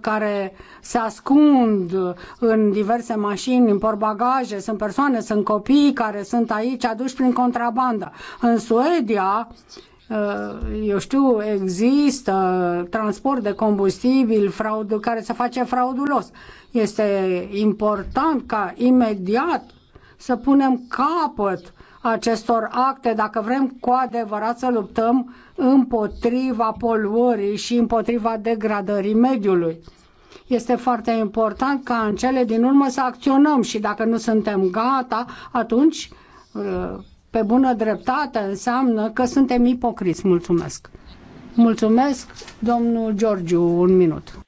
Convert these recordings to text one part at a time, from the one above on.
care se ascund în diverse mașini, în porbagaje, sunt persoane, sunt copii care sunt aici aduși prin contrabandă. În Suedia, uh, eu știu, există transport de combustibil fraud, care se face fraudulos. Este important ca imediat să punem capăt acestor acte dacă vrem cu adevărat să luptăm împotriva poluării și împotriva degradării mediului. Este foarte important ca în cele din urmă să acționăm și dacă nu suntem gata, atunci pe bună dreptate înseamnă că suntem ipocriți. Mulțumesc. Mulțumesc, domnul Georgiu, un minut.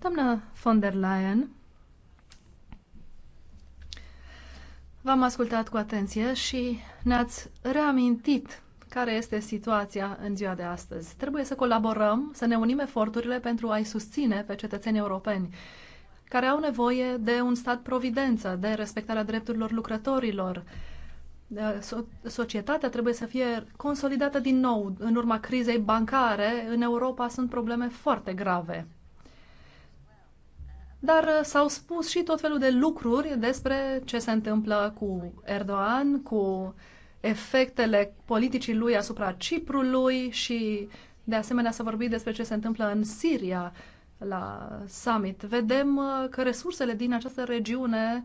Doamna von der Leyen, V-am ascultat cu atenție și ne-ați reamintit care este situația în ziua de astăzi. Trebuie să colaborăm, să ne unim eforturile pentru a-i susține pe cetățenii europeni care au nevoie de un stat providență, de respectarea drepturilor lucrătorilor. Da, societatea trebuie să fie consolidată din nou. În urma crizei bancare, în Europa sunt probleme foarte grave dar uh, s-au spus și tot felul de lucruri despre ce se întâmplă cu Erdogan, cu efectele politicii lui asupra Ciprului și de asemenea să vorbim despre ce se întâmplă în Siria la summit. Vedem uh, că resursele din această regiune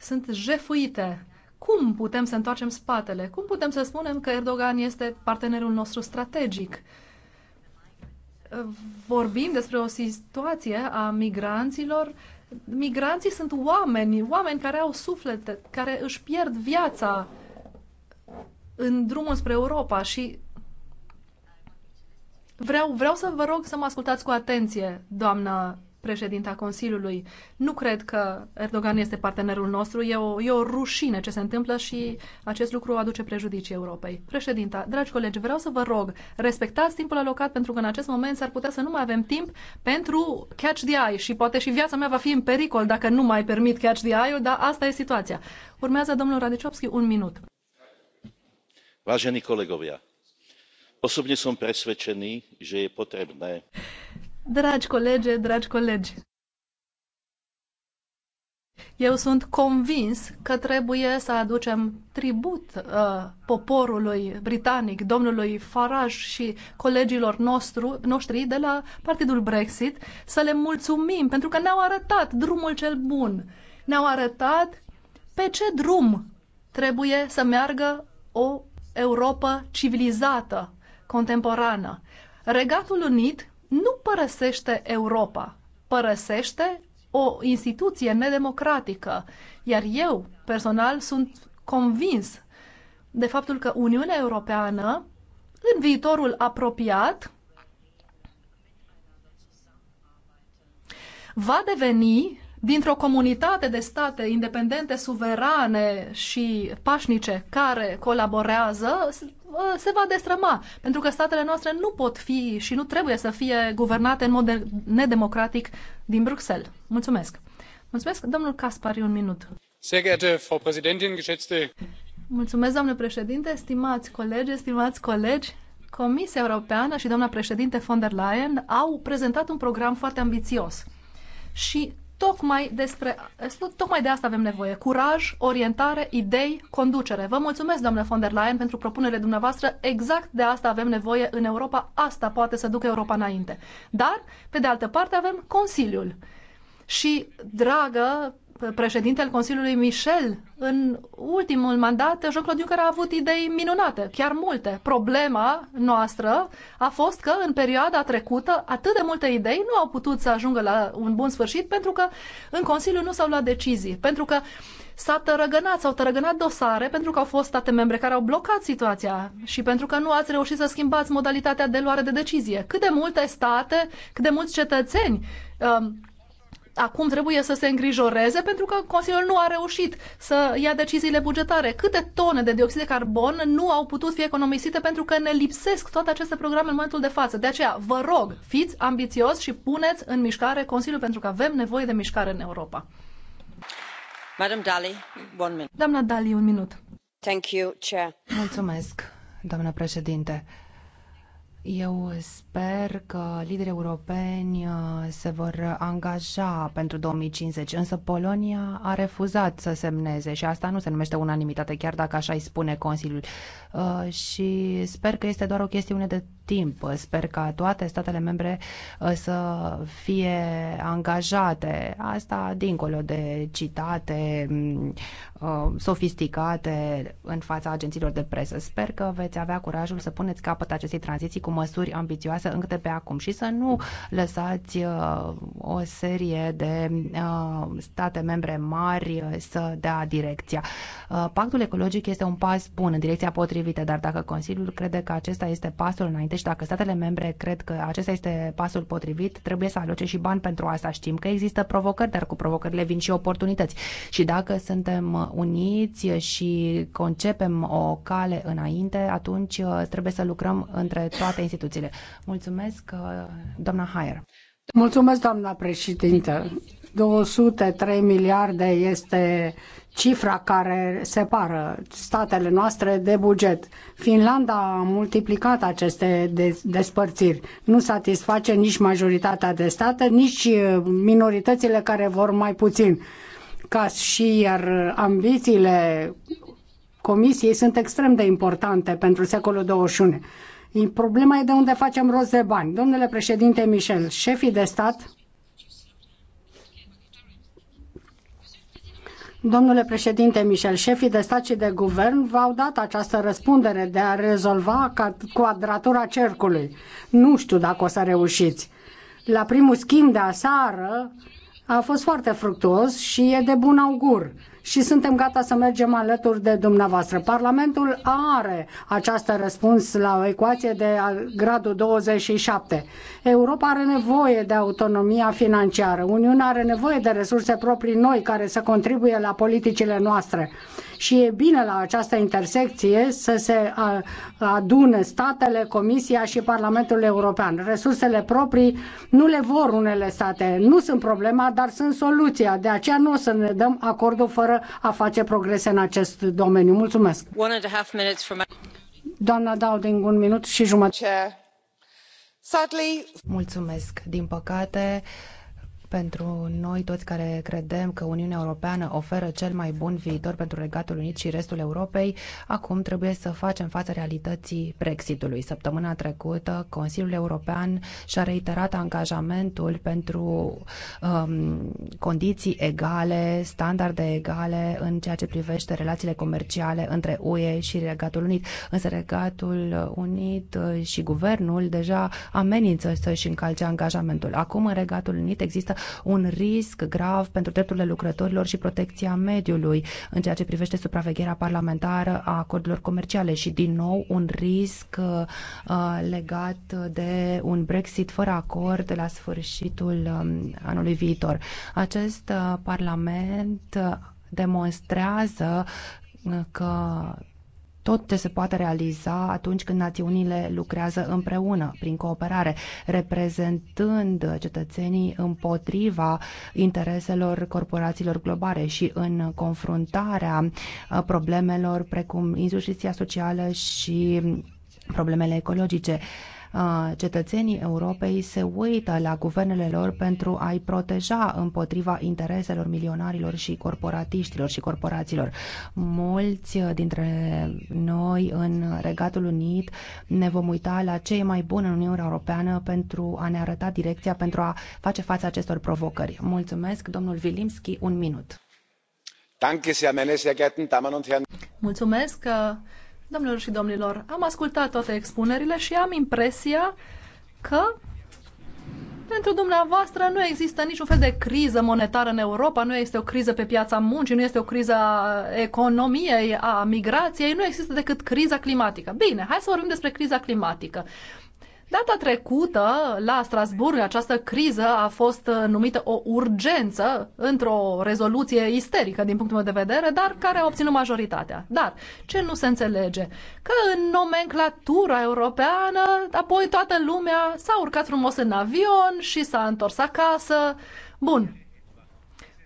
sunt jefuite. Cum putem să întoarcem spatele? Cum putem să spunem că Erdogan este partenerul nostru strategic? vorbim despre o situație a migranților, migranții sunt oameni, oameni care au suflete, care își pierd viața în drumul spre Europa și vreau, vreau să vă rog să mă ascultați cu atenție, doamna președinta Consiliului. Nu cred că Erdogan este partenerul nostru, e o, e o rușine ce se întâmplă și acest lucru aduce prejudicii Europei. Președinta, dragi colegi, vreau să vă rog, respectați timpul alocat pentru că în acest moment s-ar putea să nu mai avem timp pentru catch the eye și poate și viața mea va fi în pericol dacă nu mai permit catch the eye-ul, dar asta e situația. Urmează domnul Radiciopski un minut. Vážení kolegovia, osobne som presvedčený, že je potrebné Dragi colege, dragi colegi, eu sunt convins că trebuie să aducem tribut uh, poporului britanic, domnului Farage și colegilor nostru, noștri de la Partidul Brexit, să le mulțumim pentru că ne-au arătat drumul cel bun. Ne-au arătat pe ce drum trebuie să meargă o Europa civilizată, contemporană. Regatul Unit nu părăsește Europa, părăsește o instituție nedemocratică. Iar eu, personal, sunt convins de faptul că Uniunea Europeană, în viitorul apropiat, va deveni dintr-o comunitate de state independente, suverane și pașnice care colaborează, Uh, se va destrăma, pentru că statele noastre nu pot fi și nu trebuie să fie guvernate în mod nedemocratic din Bruxelles. Mulțumesc. Mulțumesc, domnul Caspari, un minut. Mulțumesc, doamnă președinte, stimați colegi, stimați colegi. Comisia Europeană și doamna președinte von der Leyen au prezentat un program foarte ambițios. Și tocmai, despre, tocmai de asta avem nevoie. Curaj, orientare, idei, conducere. Vă mulțumesc, doamnă von der Leyen, pentru propunerile dumneavoastră. Exact de asta avem nevoie în Europa. Asta poate să ducă Europa înainte. Dar, pe de altă parte, avem Consiliul. Și, dragă președintele Consiliului Michel, în ultimul mandat, Jean-Claude Juncker a avut idei minunate, chiar multe. Problema noastră a fost că în perioada trecută atât de multe idei nu au putut să ajungă la un bun sfârșit pentru că în Consiliu nu s-au luat decizii, pentru că s-a tărăgănat, s-au tărăgănat dosare pentru că au fost state membre care au blocat situația și pentru că nu ați reușit să schimbați modalitatea de luare de decizie. Cât de multe state, cât de mulți cetățeni um, acum trebuie să se îngrijoreze pentru că Consiliul nu a reușit să ia deciziile bugetare. Câte tone de dioxid de carbon nu au putut fi economisite pentru că ne lipsesc toate aceste programe în momentul de față. De aceea, vă rog, fiți ambițios și puneți în mișcare Consiliul pentru că avem nevoie de mișcare în Europa. Madam Dali, one minute. Doamna Dali, un minut. Thank you, Chair. Mulțumesc, doamna președinte. Eu sper că liderii europeni uh, se vor angaja pentru 2050, însă Polonia a refuzat să semneze și asta nu se numește unanimitate, chiar dacă așa îi spune Consiliul. Uh, și sper că este doar o chestiune de timp. Sper ca toate statele membre uh, să fie angajate. Asta dincolo de citate mm, uh, sofisticate în fața agențiilor de presă. Sper că veți avea curajul să puneți capăt acestei tranziții cu măsuri ambițioase încă de pe acum și să nu lăsați o serie de state membre mari să dea direcția. Pactul ecologic este un pas bun în direcția potrivită potrivite, dar dacă Consiliul crede că acesta este pasul înainte și dacă statele membre cred că acesta este pasul potrivit, trebuie să aloce și bani pentru asta. Știm că există provocări, dar cu provocările vin și oportunități. Și dacă suntem uniți și concepem o cale înainte, atunci uh, trebuie să lucrăm între toate instituțiile. Mulțumesc, uh, doamna Haier. Mulțumesc, doamna președintă. 203 miliarde este cifra care separă statele noastre de buget. Finlanda a multiplicat aceste despărțiri. Nu satisface nici majoritatea de state, nici uh, minoritățile care vor mai puțin. Ca și iar ambițiile Comisiei sunt extrem de importante pentru secolul 21. Problema e de unde facem rost de bani. Domnule președinte Michel, șefii de stat Domnule președinte Michel, șefii de stat și de guvern v-au dat această răspundere de a rezolva quadratura cercului. Nu știu dacă o să reușiți. La primul schimb de aseară a fost foarte fructuos și e de bun augur și suntem gata să mergem alături de dumneavoastră. Parlamentul are această răspuns la o ecuație de gradul 27. Europa are nevoie de autonomia financiară. Uniunea are nevoie de resurse proprii noi care să contribuie la politicile noastre și e bine la această intersecție să se adune statele, Comisia și Parlamentul European. Resursele proprii nu le vor unele state, nu sunt problema, dar sunt soluția. De aceea nu o să ne dăm acordul fără a face progrese în acest domeniu. Mulțumesc! Doamna Dowding, un minut și jumătate. Mulțumesc. Din păcate, pentru noi toți care credem că Uniunea Europeană oferă cel mai bun viitor pentru Regatul Unit și restul Europei, acum trebuie să facem față realității Brexitului. Săptămâna trecută, Consiliul European și-a reiterat angajamentul pentru um, condiții egale, standarde egale în ceea ce privește relațiile comerciale între UE și Regatul Unit. Însă Regatul Unit și guvernul deja amenință să-și încalce angajamentul. Acum în Regatul Unit există un risc grav pentru drepturile lucrătorilor și protecția mediului în ceea ce privește supravegherea parlamentară a acordurilor comerciale și, din nou, un risc uh, legat de un Brexit fără acord la sfârșitul um, anului viitor. Acest uh, Parlament uh, demonstrează că tot ce se poate realiza atunci când națiunile lucrează împreună, prin cooperare, reprezentând cetățenii împotriva intereselor corporațiilor globale și în confruntarea uh, problemelor precum injustiția socială și problemele ecologice. Uh, cetățenii Europei se uită la guvernele lor pentru a-i proteja împotriva intereselor milionarilor și corporatiștilor și corporațiilor. Mulți uh, dintre noi în Regatul Unit ne vom uita la ce e mai bun în Uniunea Europeană pentru a ne arăta direcția pentru a face față acestor provocări. Mulțumesc, domnul Vilimski, un minut. Mulțumesc, uh, Domnilor și domnilor, am ascultat toate expunerile și am impresia că pentru dumneavoastră nu există niciun fel de criză monetară în Europa, nu este o criză pe piața muncii, nu este o criză a economiei, a migrației, nu există decât criza climatică. Bine, hai să vorbim despre criza climatică. Data trecută, la Strasburg, această criză a fost numită o urgență într-o rezoluție isterică din punctul meu de vedere, dar care a obținut majoritatea. Dar ce nu se înțelege? Că în nomenclatura europeană, apoi toată lumea s-a urcat frumos în avion și s-a întors acasă. Bun.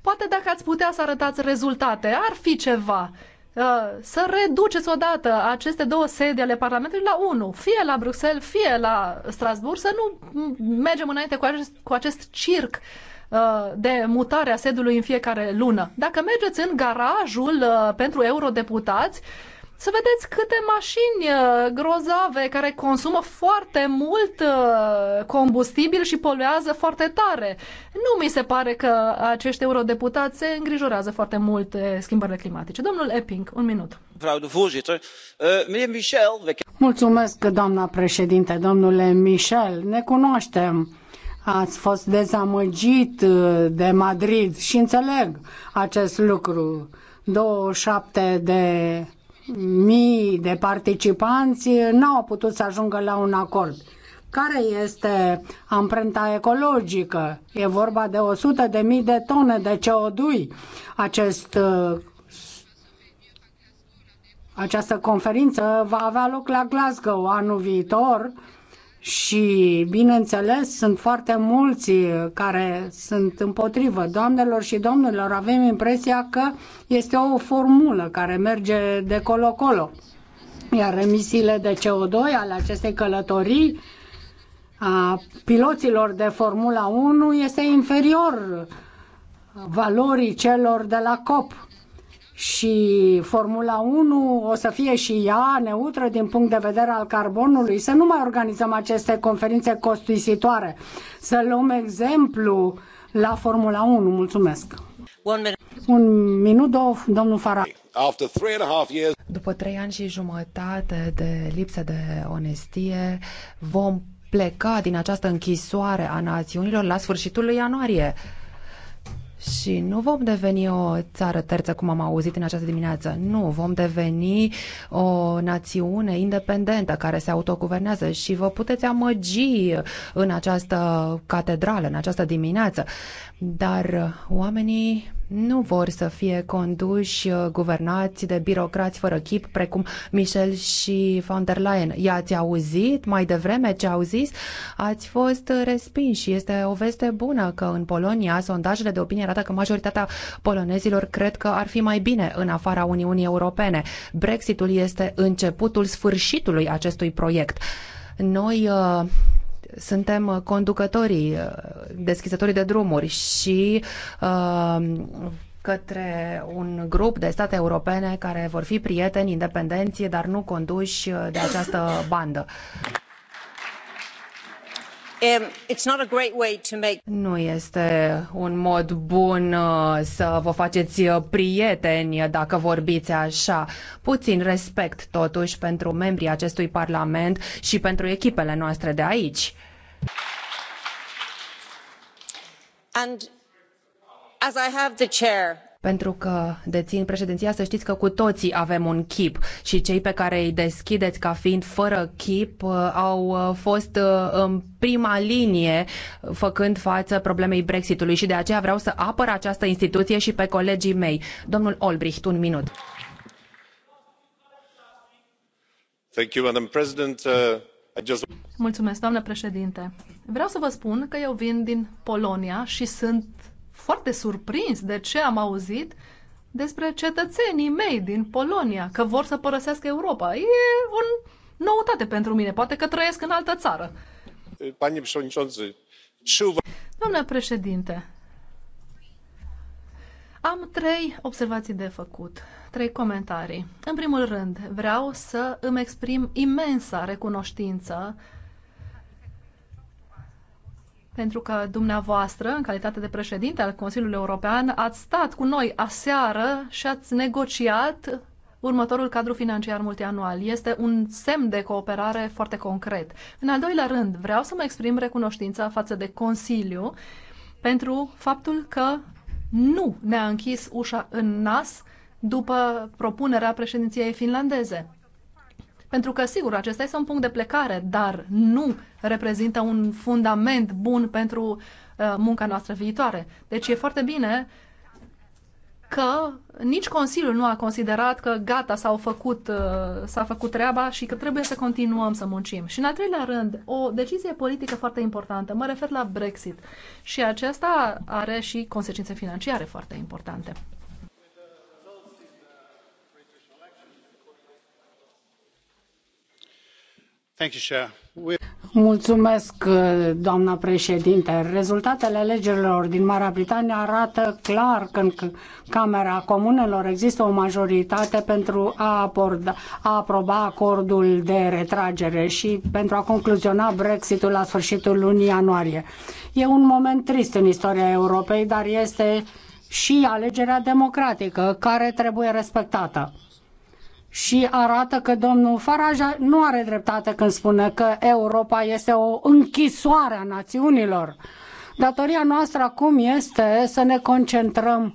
Poate dacă ați putea să arătați rezultate, ar fi ceva. Uh, să reduceți odată aceste două sedi ale Parlamentului la unul, fie la Bruxelles, fie la Strasburg, să nu mergem înainte cu acest, cu acest circ uh, de mutarea sediului în fiecare lună. Dacă mergeți în garajul uh, pentru eurodeputați, să vedeți câte mașini uh, grozave care consumă foarte mult uh, combustibil și poluează foarte tare. Nu mi se pare că acești eurodeputați se îngrijorează foarte mult schimbările climatice. Domnul Epping, un minut. Eh, Mulțumesc, doamna președinte, domnule Michel. Ne cunoaștem. Ați fost dezamăgit eh, de Madrid și înțeleg acest lucru. 27 de mii de participanți n-au putut să ajungă la un acord. Care este amprenta ecologică? E vorba de 100 de mii de tone de CO2. Acest, uh, această conferință va avea loc la Glasgow anul viitor și, bineînțeles, sunt foarte mulți care sunt împotrivă. Doamnelor și domnilor, avem impresia că este o formulă care merge de colo-colo. Iar emisiile de CO2 ale acestei călătorii a piloților de Formula 1 este inferior valorii celor de la COP și Formula 1 o să fie și ea neutră din punct de vedere al carbonului, să nu mai organizăm aceste conferințe costisitoare, să luăm exemplu la Formula 1. Mulțumesc! Un minut, două, domnul Farah. După trei ani și jumătate de lipsă de onestie, vom pleca din această închisoare a națiunilor la sfârșitul lui ianuarie. Și nu vom deveni o țară terță, cum am auzit în această dimineață. Nu, vom deveni o națiune independentă care se autoguvernează și vă puteți amăgi în această catedrală, în această dimineață. Dar oamenii nu vor să fie conduși, uh, guvernați de birocrați fără chip, precum Michel și von der Leyen. I-ați auzit mai devreme ce au zis? Ați fost respinși. Este o veste bună că în Polonia sondajele de opinie arată că majoritatea polonezilor cred că ar fi mai bine în afara Uniunii Europene. Brexitul este începutul sfârșitului acestui proiect. Noi uh, suntem uh, conducătorii, uh, deschizătorii de drumuri și uh, către un grup de state europene care vor fi prieteni independenți, dar nu conduși de această bandă. Um, nu este un mod bun uh, să vă faceți uh, prieteni uh, dacă vorbiți așa. Puțin respect totuși pentru membrii acestui parlament și pentru echipele noastre de aici. And as I have the chair, pentru că dețin președinția, să știți că cu toții avem un chip și cei pe care îi deschideți ca fiind fără chip uh, au uh, fost uh, în prima linie făcând față problemei Brexitului și de aceea vreau să apăr această instituție și pe colegii mei. Domnul Olbricht, un minut. Thank you, Madam President. Uh, I just... Mulțumesc, doamnă președinte. Vreau să vă spun că eu vin din Polonia și sunt foarte surprins de ce am auzit despre cetățenii mei din Polonia, că vor să părăsească Europa. E o noutate pentru mine, poate că trăiesc în altă țară. Domnule președinte, am trei observații de făcut, trei comentarii. În primul rând, vreau să îmi exprim imensa recunoștință pentru că dumneavoastră, în calitate de președinte al Consiliului European, ați stat cu noi aseară și ați negociat următorul cadru financiar multianual. Este un semn de cooperare foarte concret. În al doilea rând, vreau să mă exprim recunoștința față de Consiliu pentru faptul că nu ne-a închis ușa în nas după propunerea președinției finlandeze. Pentru că, sigur, acesta este un punct de plecare, dar nu reprezintă un fundament bun pentru uh, munca noastră viitoare. Deci e foarte bine că nici Consiliul nu a considerat că gata, s a făcut, uh, s-a făcut treaba și că trebuie să continuăm să muncim. Și în al treilea rând, o decizie politică foarte importantă, mă refer la Brexit. Și aceasta are și consecințe financiare foarte importante. Mulțumesc, președintă Rezultatele alegerilor din Marea Britanie arată clar că în Camera Comunelor există o majoritate pentru a, aborda, a aproba acordul de retragere și pentru a concluziona Brexitul la sfârșitul lunii ianuarie. E un moment trist în istoria Europei, dar este și alegerea democratică care trebuie respectată și arată că domnul Farage nu are dreptate când spune că Europa este o închisoare a națiunilor. Datoria noastră acum este să ne concentrăm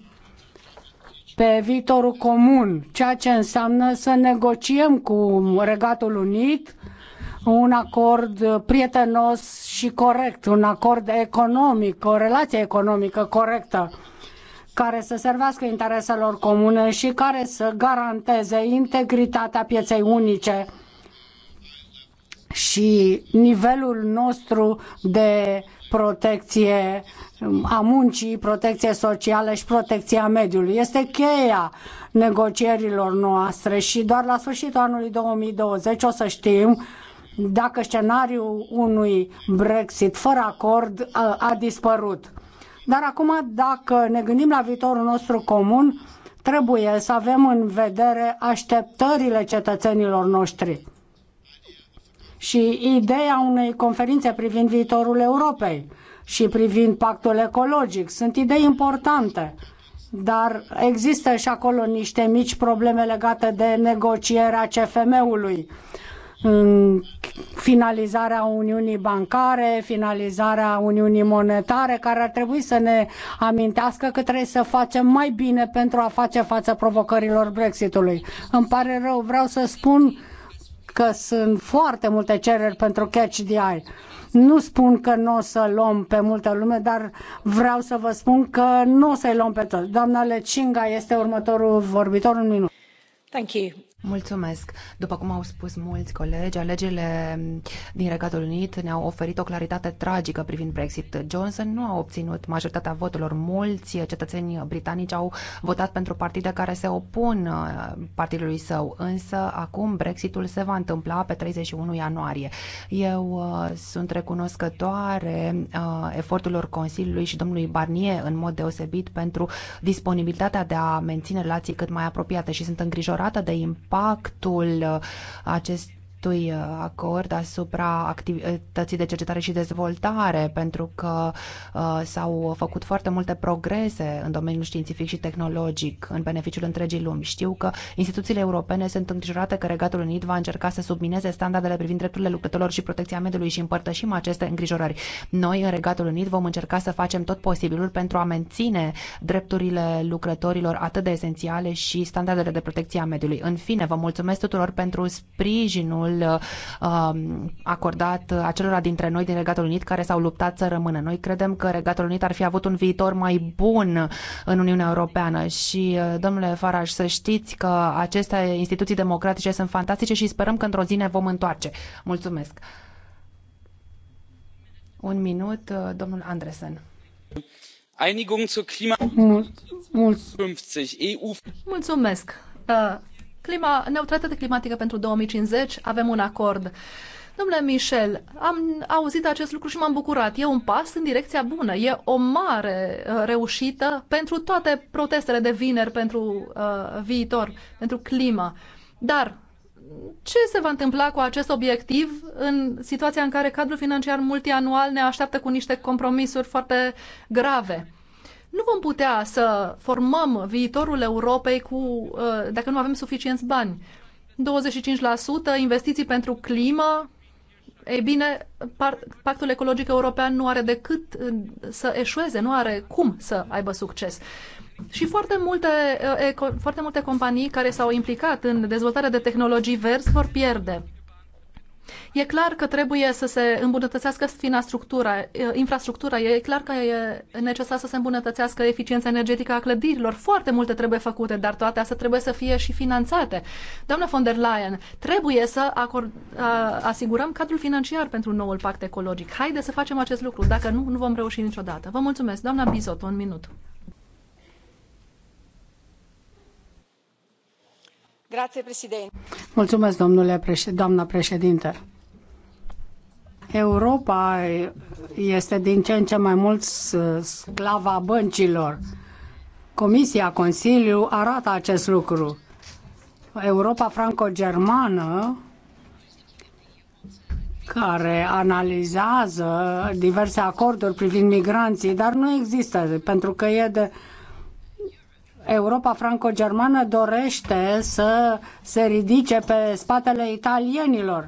pe viitorul comun, ceea ce înseamnă să negociem cu Regatul Unit un acord prietenos și corect, un acord economic, o relație economică corectă care să servească intereselor comune și care să garanteze integritatea pieței unice și nivelul nostru de protecție a muncii, protecție socială și protecția mediului. Este cheia negocierilor noastre și doar la sfârșitul anului 2020 o să știm dacă scenariul unui Brexit fără acord a, a dispărut. Dar acum, dacă ne gândim la viitorul nostru comun, trebuie să avem în vedere așteptările cetățenilor noștri și ideea unei conferințe privind viitorul Europei și privind pactul ecologic. Sunt idei importante, dar există și acolo niște mici probleme legate de negocierea CFM-ului finalizarea Uniunii Bancare, finalizarea Uniunii Monetare, care ar trebui să ne amintească că trebuie să facem mai bine pentru a face față provocărilor Brexitului. Îmi pare rău, vreau să spun că sunt foarte multe cereri pentru Catch the Eye. Nu spun că nu o să luăm pe multă lume, dar vreau să vă spun că nu o să-i luăm pe toți. Doamna Lecinga este următorul vorbitor, un minut. Thank you. Mulțumesc. După cum au spus mulți colegi, alegerile din Regatul Unit ne-au oferit o claritate tragică privind Brexit. Johnson nu a obținut majoritatea voturilor. Mulți cetățeni britanici au votat pentru partide care se opun uh, partidului său, însă acum Brexitul se va întâmpla pe 31 ianuarie. Eu uh, sunt recunoscătoare uh, eforturilor Consiliului și domnului Barnier în mod deosebit pentru disponibilitatea de a menține relații cât mai apropiate și sunt îngrijorată de impact impactul uh, acest acestui uh, acord asupra activității de cercetare și dezvoltare, pentru că uh, s-au făcut foarte multe progrese în domeniul științific și tehnologic în beneficiul întregii lumi. Știu că instituțiile europene sunt îngrijorate că Regatul Unit va încerca să submineze standardele privind drepturile lucrătorilor și protecția mediului și împărtășim aceste îngrijorări. Noi, în Regatul Unit, vom încerca să facem tot posibilul pentru a menține drepturile lucrătorilor atât de esențiale și standardele de protecție a mediului. În fine, vă mulțumesc tuturor pentru sprijinul sprijinul um, acordat acelora dintre noi din Regatul Unit care s-au luptat să rămână. Noi credem că Regatul Unit ar fi avut un viitor mai bun în Uniunea Europeană și, uh, domnule Farage, să știți că aceste instituții democratice sunt fantastice și sperăm că într-o zi ne vom întoarce. Mulțumesc! Un minut, uh, domnul Andresen einigung zur Klima Mulțumesc. Uh, Clima, neutralitate climatică pentru 2050, avem un acord. Domnule Michel, am auzit acest lucru și m-am bucurat. E un pas în direcția bună. E o mare uh, reușită pentru toate protestele de vineri pentru uh, viitor, pentru clima. Dar ce se va întâmpla cu acest obiectiv în situația în care cadrul financiar multianual ne așteaptă cu niște compromisuri foarte grave? Nu vom putea să formăm viitorul Europei cu, uh, dacă nu avem suficienți bani. 25% investiții pentru climă, ei bine, Pactul Ecologic European nu are decât uh, să eșueze, nu are cum să aibă succes. Și foarte multe, uh, foarte multe companii care s-au implicat în dezvoltarea de tehnologii verzi vor pierde. E clar că trebuie să se îmbunătățească infrastructura, infrastructura e clar că e necesar să se îmbunătățească eficiența energetică a clădirilor. Foarte multe trebuie făcute, dar toate astea trebuie să fie și finanțate. Doamna von der Leyen, trebuie să acord, a, asigurăm cadrul financiar pentru noul pact ecologic. Haide să facem acest lucru. Dacă nu, nu vom reuși niciodată. Vă mulțumesc. Doamna Bizot, un minut. Mulțumesc, domnule președ... doamna președintă. Europa este din ce în ce mai mult sclava băncilor. Comisia, Consiliu arată acest lucru. Europa franco-germană care analizează diverse acorduri privind migranții, dar nu există pentru că e de Europa franco-germană dorește să se ridice pe spatele italienilor.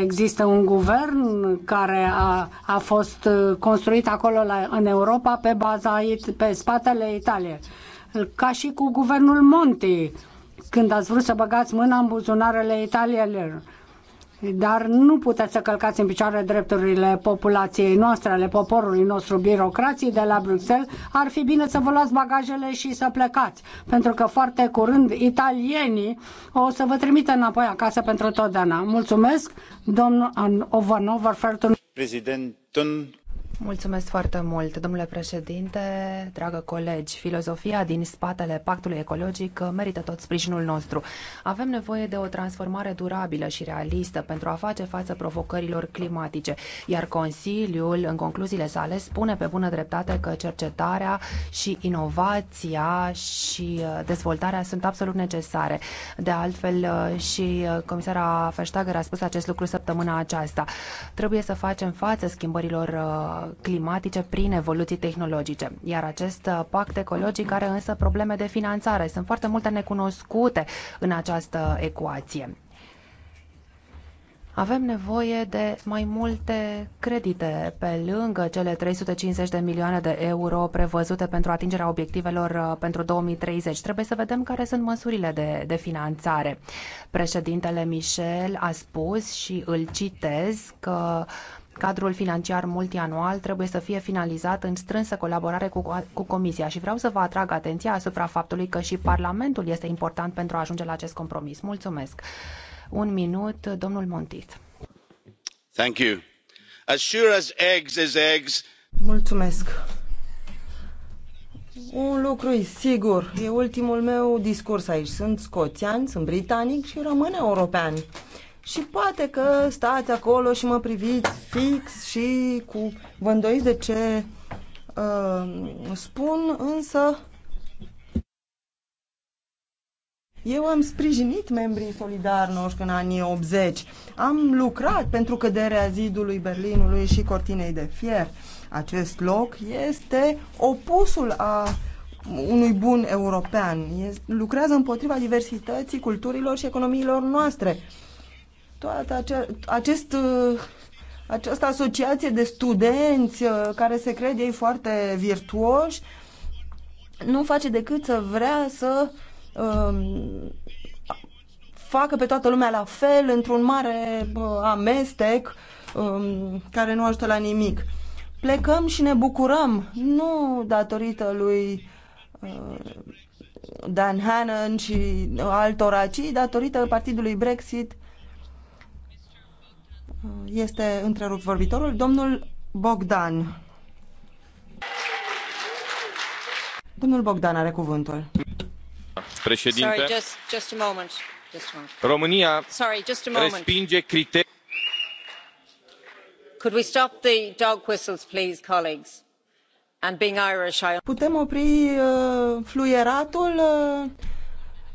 Există un guvern care a, a fost construit acolo la, în Europa pe, baza, pe spatele Italiei. Ca și cu guvernul Monti, când ați vrut să băgați mâna în buzunarele italienilor dar nu puteți să călcați în picioare drepturile populației noastre, ale poporului nostru, birocrații de la Bruxelles, ar fi bine să vă luați bagajele și să plecați, pentru că foarte curând italienii o să vă trimită înapoi acasă pentru totdeauna. Mulțumesc, domnul Ovanov, President Mulțumesc foarte mult, domnule președinte, dragă colegi. Filozofia din spatele pactului ecologic merită tot sprijinul nostru. Avem nevoie de o transformare durabilă și realistă pentru a face față provocărilor climatice, iar Consiliul, în concluziile sale, spune pe bună dreptate că cercetarea și inovația și uh, dezvoltarea sunt absolut necesare. De altfel, uh, și uh, comisara Feștagăr a spus acest lucru săptămâna aceasta. Trebuie să facem față schimbărilor climatice prin evoluții tehnologice. Iar acest uh, pact ecologic are însă probleme de finanțare. Sunt foarte multe necunoscute în această ecuație. Avem nevoie de mai multe credite pe lângă cele 350 de milioane de euro prevăzute pentru atingerea obiectivelor uh, pentru 2030. Trebuie să vedem care sunt măsurile de, de finanțare. Președintele Michel a spus și îl citez că uh, Cadrul financiar multianual trebuie să fie finalizat în strânsă colaborare cu, cu Comisia și vreau să vă atrag atenția asupra faptului că și Parlamentul este important pentru a ajunge la acest compromis. Mulțumesc. Un minut, domnul Montit. Thank you. As sure as eggs is eggs. Mulțumesc. Un lucru e sigur, e ultimul meu discurs aici. Sunt scoțian, sunt britanic și rămân european. Și poate că stați acolo și mă priviți fix și cu vă îndoiți de ce uh, spun, însă eu am sprijinit membrii solidari noștri în anii 80. Am lucrat pentru căderea zidului Berlinului și cortinei de fier. Acest loc este opusul a unui bun european. Este, lucrează împotriva diversității culturilor și economiilor noastre toată acea, acest, uh, această asociație de studenți uh, care se crede ei foarte virtuoși nu face decât să vrea să um, facă pe toată lumea la fel într-un mare uh, amestec um, care nu ajută la nimic. Plecăm și ne bucurăm, nu datorită lui uh, Dan Hannan și altora, ci datorită partidului Brexit este întrerupt vorbitorul. Domnul Bogdan. Domnul Bogdan are cuvântul. Președinte, Sorry, just, just a moment. Just a moment. România Sorry, just a moment. respinge criterii. Could we stop the dog whistles, please, colleagues? And being Irish, I... Putem opri uh, fluieratul? Uh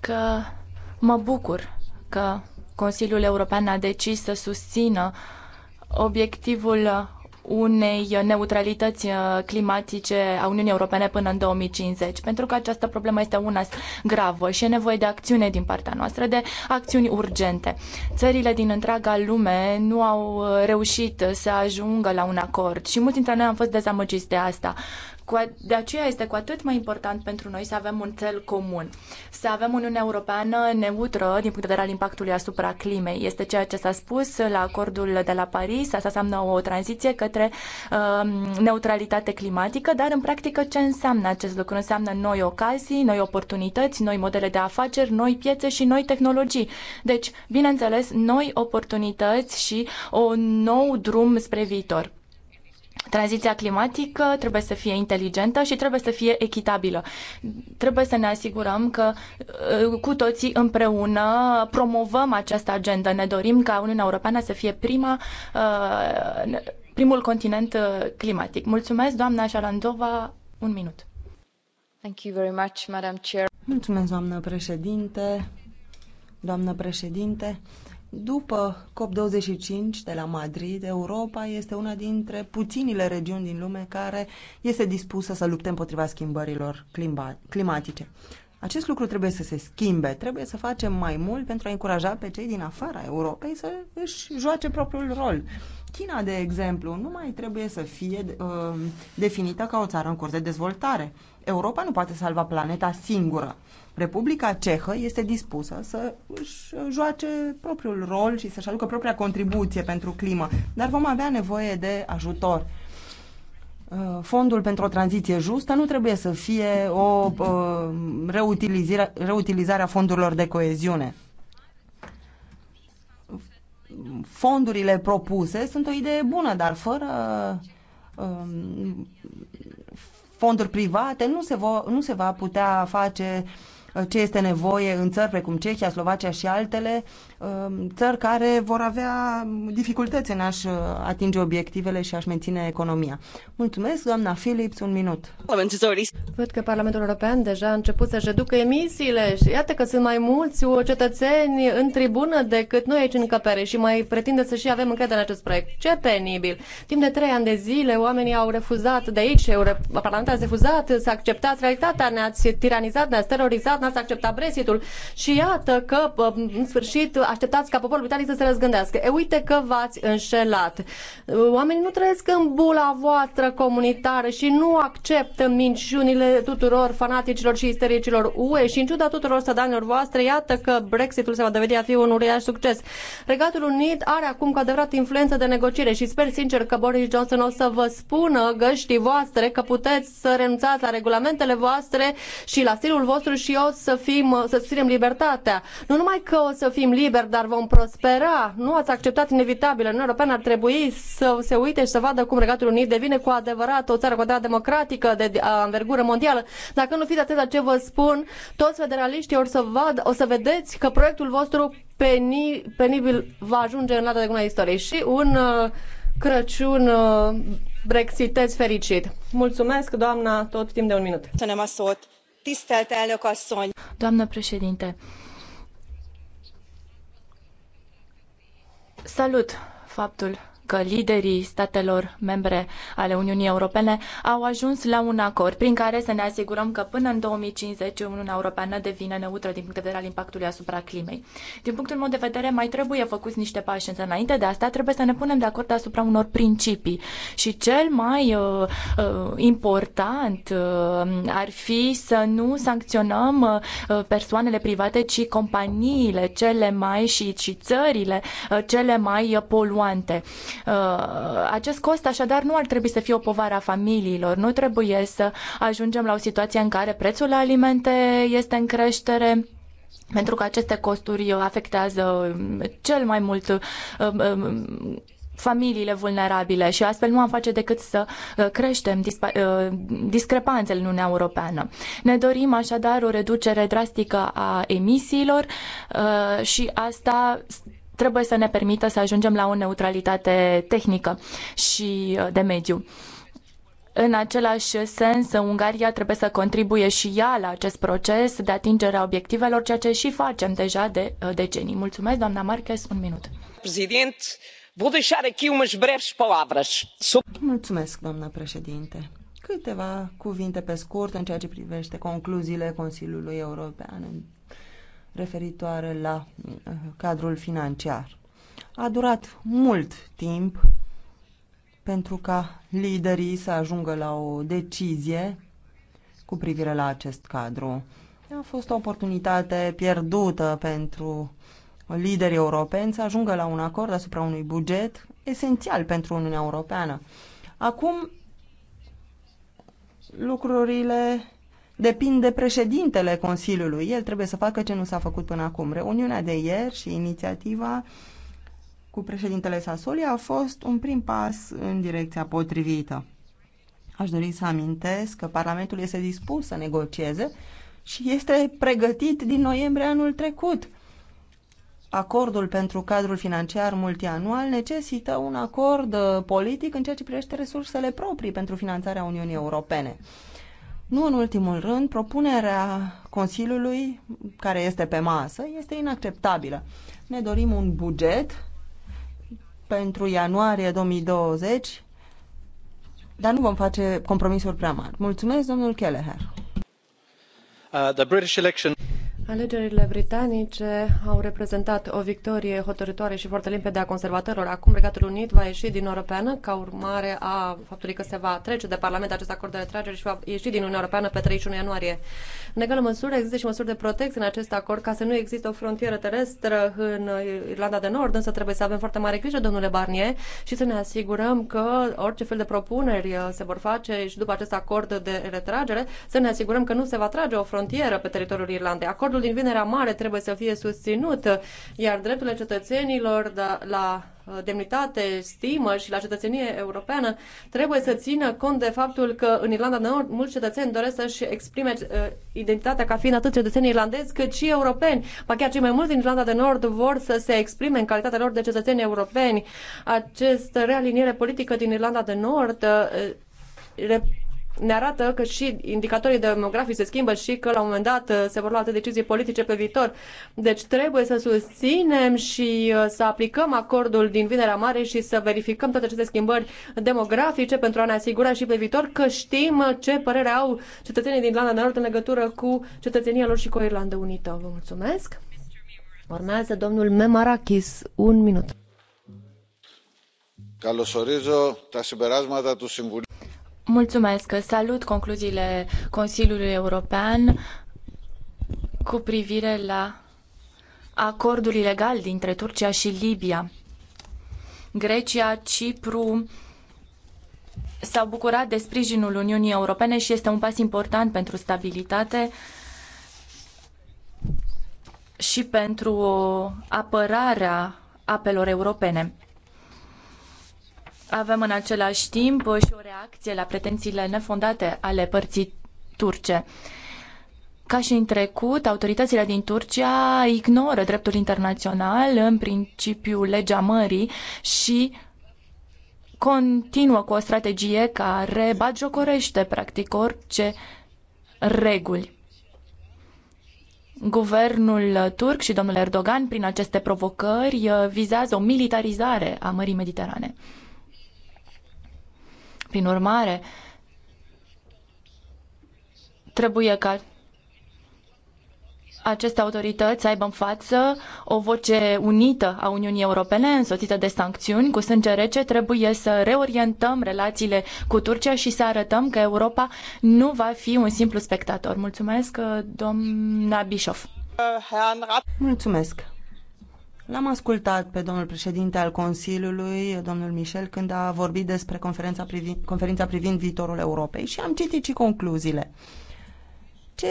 că mă bucur că Consiliul European a decis să susțină obiectivul unei neutralități uh, climatice a Uniunii Europene până în 2050, pentru că această problemă este una gravă și e nevoie de acțiune din partea noastră, de acțiuni urgente. Țările din întreaga lume nu au uh, reușit să ajungă la un acord și mulți dintre noi am fost dezamăgiți de asta de aceea este cu atât mai important pentru noi să avem un cel comun, să avem Uniunea Europeană neutră din punct de vedere al impactului asupra climei. Este ceea ce s-a spus la acordul de la Paris, asta înseamnă o tranziție către uh, neutralitate climatică, dar în practică ce înseamnă acest lucru? Înseamnă noi ocazii, noi oportunități, noi modele de afaceri, noi piețe și noi tehnologii. Deci, bineînțeles, noi oportunități și un nou drum spre viitor. Tranziția climatică trebuie să fie inteligentă și trebuie să fie echitabilă. Trebuie să ne asigurăm că uh, cu toții împreună promovăm această agendă. Ne dorim ca Uniunea Europeană să fie prima, uh, primul continent uh, climatic. Mulțumesc, doamna Șalandova. Un minut. Thank you very much, Madam Chair. Mulțumesc, doamnă președinte. Doamnă președinte, după COP25 de la Madrid, Europa este una dintre puținile regiuni din lume care este dispusă să lupte împotriva schimbărilor climatice. Acest lucru trebuie să se schimbe, trebuie să facem mai mult pentru a încuraja pe cei din afara Europei să își joace propriul rol. China, de exemplu, nu mai trebuie să fie uh, definită ca o țară în curs de dezvoltare. Europa nu poate salva planeta singură. Republica Cehă este dispusă să își joace propriul rol și să-și aducă propria contribuție pentru climă, dar vom avea nevoie de ajutor. Uh, fondul pentru o tranziție justă nu trebuie să fie o uh, reutilizare, reutilizare a fondurilor de coeziune. Fondurile propuse sunt o idee bună, dar fără uh, fonduri private, nu se, vo, nu se va putea face ce este nevoie în țări precum Cehia, Slovacia și altele, um, țări care vor avea dificultăți în a-și uh, atinge obiectivele și a-și menține economia. Mulțumesc, doamna Philips, un minut. Văd că Parlamentul European deja a început să-și reducă emisiile și iată că sunt mai mulți uh, cetățeni în tribună decât noi aici în căpere și mai pretinde să și avem încredere în acest proiect. Ce penibil! Timp de trei ani de zile oamenii au refuzat de aici, Parlamentul a refuzat să acceptați realitatea, ne-ați tiranizat, ne-ați terorizat, n-ați acceptat Brexitul și iată că, în sfârșit, așteptați ca poporul britanic să se răzgândească. E uite că v-ați înșelat. Oamenii nu trăiesc în bula voastră comunitară și nu acceptă minciunile tuturor fanaticilor și istericilor UE și în ciuda tuturor stădanilor voastre, iată că Brexitul se va dovedi a fi un uriaș succes. Regatul Unit are acum cu adevărat influență de negociere și sper sincer că Boris Johnson o să vă spună găștii voastre că puteți să renunțați la regulamentele voastre și la stilul vostru și o să fim, să susținem libertatea. Nu numai că o să fim liberi, dar vom prospera. Nu ați acceptat inevitabilul Uniunea Europeană ar trebui să se uite și să vadă cum Regatul Unit devine cu adevărat o țară cu adevărat democratică de anvergură mondială. Dacă nu fiți atât la ce vă spun, toți federaliștii or să vad, o să vedeți că proiectul vostru peni, penibil va ajunge în lata de guna istoriei. Și un uh, Crăciun uh, brexitez fericit. Mulțumesc, doamna, tot timp de un minut. Să ne masot tisztelt elnök asszony! doamnă președinte salut faptul că liderii statelor membre ale Uniunii Europene au ajuns la un acord prin care să ne asigurăm că până în 2050 Uniunea Europeană devine neutră din punct de vedere al impactului asupra climei. Din punctul meu de vedere, mai trebuie făcuți niște pași, însă înainte de asta trebuie să ne punem de acord asupra unor principii. Și cel mai uh, uh, important uh, ar fi să nu sancționăm uh, persoanele private, ci companiile cele mai și, și țările uh, cele mai poluante. Uh, acest cost așadar nu ar trebui să fie o povară a familiilor. Nu trebuie să ajungem la o situație în care prețul la alimente este în creștere pentru că aceste costuri afectează um, cel mai mult um, um, familiile vulnerabile și astfel nu am face decât să uh, creștem uh, discrepanțele în Uniunea Europeană. Ne dorim așadar o reducere drastică a emisiilor și asta trebuie să ne permită să ajungem la o neutralitate tehnică și uh, de mediu. În același sens, Ungaria trebuie să contribuie și ea la acest proces de atingere a obiectivelor, ceea ce și facem deja de uh, decenii. Mulțumesc, doamna Marquez, un minut. Președinte, vou deixar aqui umas breves palavras. Mulțumesc, doamna președinte. Câteva cuvinte pe scurt în ceea ce privește concluziile Consiliului European în referitoare la uh, cadrul financiar. A durat mult timp pentru ca liderii să ajungă la o decizie cu privire la acest cadru. A fost o oportunitate pierdută pentru liderii europeni să ajungă la un acord asupra unui buget esențial pentru Uniunea Europeană. Acum lucrurile depind de președintele Consiliului. El trebuie să facă ce nu s-a făcut până acum. Reuniunea de ieri și inițiativa cu președintele Sassoli a fost un prim pas în direcția potrivită. Aș dori să amintesc că Parlamentul este dispus să negocieze și este pregătit din noiembrie anul trecut. Acordul pentru cadrul financiar multianual necesită un acord uh, politic în ceea ce privește resursele proprii pentru finanțarea Uniunii Europene. Nu în ultimul rând, propunerea Consiliului, care este pe masă, este inacceptabilă. Ne dorim un buget pentru ianuarie 2020, dar nu vom face compromisuri prea mari. Mulțumesc, domnul Kelleher. Uh, the British election... Alegerile britanice au reprezentat o victorie hotărătoare și foarte limpede a conservatorilor. Acum Regatul Unit va ieși din Europeană ca urmare a faptului că se va trece de Parlament acest acord de retragere și va ieși din Uniunea Europeană pe 31 ianuarie. În egală măsură există și măsuri de protecție în acest acord ca să nu există o frontieră terestră în Irlanda de Nord, însă trebuie să avem foarte mare grijă, domnule Barnier, și să ne asigurăm că orice fel de propuneri se vor face și după acest acord de retragere, să ne asigurăm că nu se va trage o frontieră pe teritoriul Irlandei. Acordul acordul din Vinerea Mare trebuie să fie susținut, iar drepturile cetățenilor da, la uh, demnitate, stimă și la cetățenie europeană, trebuie să țină cont de faptul că în Irlanda de Nord mulți cetățeni doresc să-și exprime uh, identitatea ca fiind atât cetățeni irlandezi cât și europeni. Ba chiar cei mai mulți din Irlanda de Nord vor să se exprime în calitatea lor de cetățeni europeni. Această realiniere politică din Irlanda de Nord uh, ne arată că și indicatorii demografici se schimbă și că la un moment dat se vor lua alte decizii politice pe viitor. Deci trebuie să susținem și uh, să aplicăm acordul din Vinerea Mare și să verificăm toate aceste schimbări demografice pentru a ne asigura și pe viitor că știm uh, ce părere au cetățenii din Irlanda de Nord în legătură cu cetățenia lor și cu Irlanda Unită. Vă mulțumesc! Urmează domnul Memarakis. Un minut. Καλωσορίζω τα συμπεράσματα του Συμβουλίου. Mulțumesc. Salut concluziile Consiliului European cu privire la acordul ilegal dintre Turcia și Libia. Grecia, Cipru s-au bucurat de sprijinul Uniunii Europene și este un pas important pentru stabilitate și pentru apărarea apelor europene avem în același timp și o reacție la pretențiile nefondate ale părții turce. Ca și în trecut, autoritățile din Turcia ignoră dreptul internațional, în principiu legea mării și continuă cu o strategie care bagiocorește practic orice reguli. Guvernul turc și domnul Erdogan, prin aceste provocări, vizează o militarizare a Mării Mediterane. Prin urmare, trebuie ca aceste autorități să aibă în față o voce unită a Uniunii Europene, însoțită de sancțiuni cu sânge rece, trebuie să reorientăm relațiile cu Turcia și să arătăm că Europa nu va fi un simplu spectator. Mulțumesc, doamna Bischoff. Mulțumesc. L-am ascultat pe domnul președinte al Consiliului, domnul Michel, când a vorbit despre conferința privind, conferința privind viitorul Europei și am citit și concluziile. Ce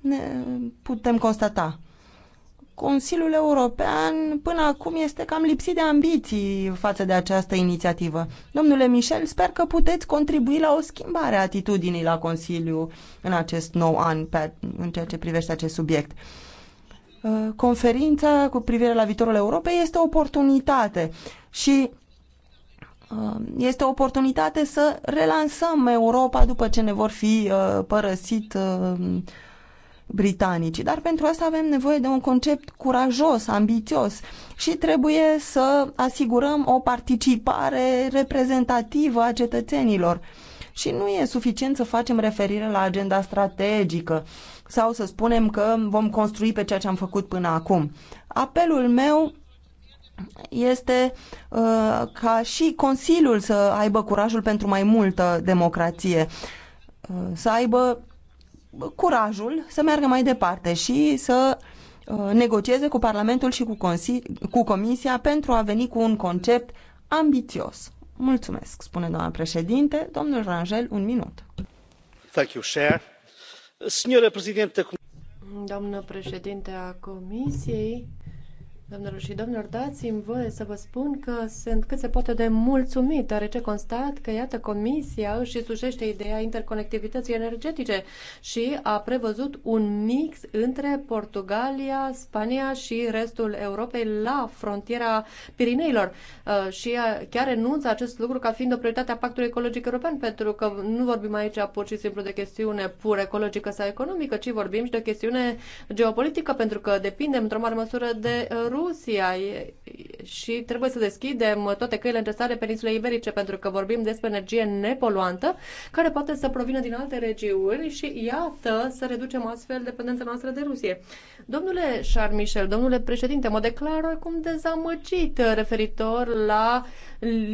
ne putem constata? Consiliul European până acum este cam lipsit de ambiții față de această inițiativă. Domnule Michel, sper că puteți contribui la o schimbare a atitudinii la Consiliu în acest nou an pe, în ceea ce privește acest subiect. Uh, conferința cu privire la viitorul Europei este o oportunitate și uh, este o oportunitate să relansăm Europa după ce ne vor fi uh, părăsit britanicii. Dar pentru asta avem nevoie de un concept curajos, ambițios și trebuie să asigurăm o participare reprezentativă a cetățenilor. Și nu e suficient să facem referire la agenda strategică sau să spunem că vom construi pe ceea ce am făcut până acum. Apelul meu este uh, ca și Consiliul să aibă curajul pentru mai multă democrație, uh, să aibă curajul să meargă mai departe și să uh, negocieze cu Parlamentul și cu, cu Comisia pentru a veni cu un concept ambițios. Mulțumesc, spune doamna președinte. Domnul Rangel, un minut. Thank you, doamnă președintă a comisiei Domnilor și domnilor, dați-mi voie să vă spun că sunt cât se poate de mulțumit, deoarece constat că, iată, Comisia își sușește ideea interconectivității energetice și a prevăzut un mix între Portugalia, Spania și restul Europei la frontiera Pirineilor. Uh, și uh, chiar renunță acest lucru ca fiind o prioritate a Pactului Ecologic European, pentru că nu vorbim aici pur și simplu de chestiune pur ecologică sau economică, ci vorbim și de o chestiune geopolitică, pentru că depindem într-o mare măsură de Rusia uh, Rusia și trebuie să deschidem toate căile necesare peninsulei iberice, pentru că vorbim despre energie nepoluantă, care poate să provină din alte regiuni și iată să reducem astfel dependența noastră de Rusie. Domnule Charles Michel, domnule președinte, mă declar oricum dezamăgit referitor la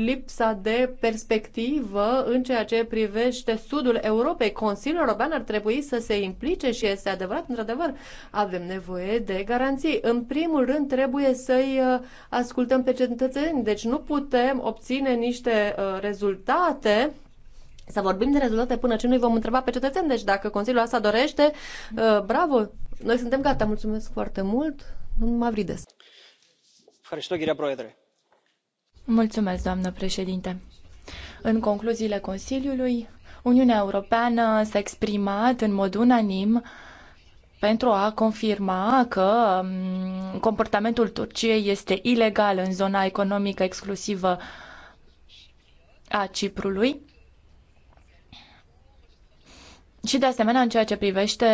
lipsa de perspectivă în ceea ce privește sudul Europei. Consiliul European ar trebui să se implice și este adevărat, într-adevăr, avem nevoie de garanții. În primul rând, trebuie trebuie să-i uh, ascultăm pe cetățeni. Deci nu putem obține niște uh, rezultate să vorbim de rezultate până ce noi vom întreba pe cetățeni. Deci dacă Consiliul asta dorește, uh, bravo, noi suntem gata. Mulțumesc foarte mult, domnul Mavrides. Mulțumesc, doamnă președinte. În concluziile Consiliului, Uniunea Europeană s-a exprimat în mod unanim pentru a confirma că mm, comportamentul Turciei este ilegal în zona economică exclusivă a Ciprului. Și de asemenea în ceea ce privește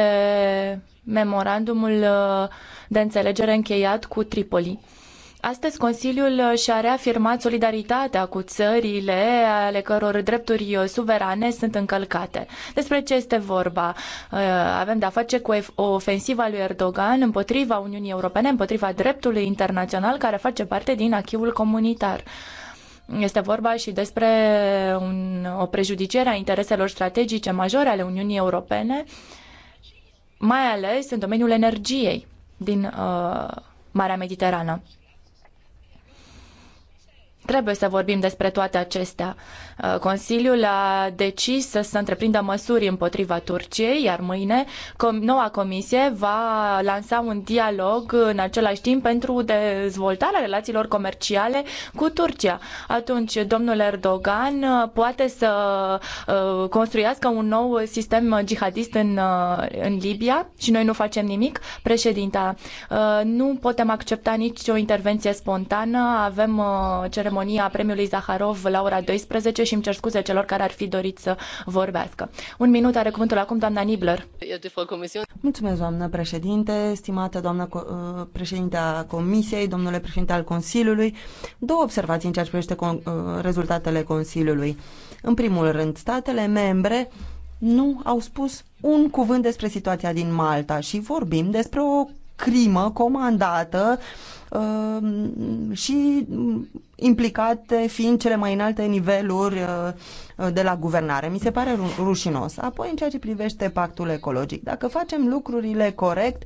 memorandumul uh, de înțelegere încheiat cu Tripoli. Astăzi Consiliul și-a reafirmat solidaritatea cu țările ale căror drepturi suverane sunt încălcate. Despre ce este vorba? Uh, avem de-a face cu o ofensivă a lui Erdogan împotriva Uniunii Europene, împotriva dreptului internațional care face parte din achiul comunitar. Este vorba și despre un, o prejudiciere a intereselor strategice majore ale Uniunii Europene, mai ales în domeniul energiei din uh, Marea Mediterană. Trebuie să vorbim despre toate acestea. Uh, Consiliul a decis să se întreprindă măsuri împotriva Turciei, iar mâine noua comisie va lansa un dialog în același timp pentru dezvoltarea relațiilor comerciale cu Turcia. Atunci, domnul Erdogan uh, poate să uh, construiască un nou sistem jihadist în, în Libia și noi nu facem nimic. Președinta, nu putem accepta nici o intervenție spontană. Avem ceremonia premiului Zaharov la ora 12 și și îmi cer scuze celor care ar fi dorit să vorbească. Un minut are cuvântul acum doamna Nibler. Mulțumesc, doamnă președinte, stimată doamnă uh, președinte a Comisiei, domnule președinte al Consiliului. Două observații în ceea ce privește uh, rezultatele Consiliului. În primul rând, statele membre nu au spus un cuvânt despre situația din Malta și vorbim despre o crimă comandată Ehm, și mm, implicate fiind cele mai înalte niveluri eh, de la guvernare. Mi se pare rușinos. Apoi, în ceea ce privește pactul ecologic, dacă facem lucrurile corect,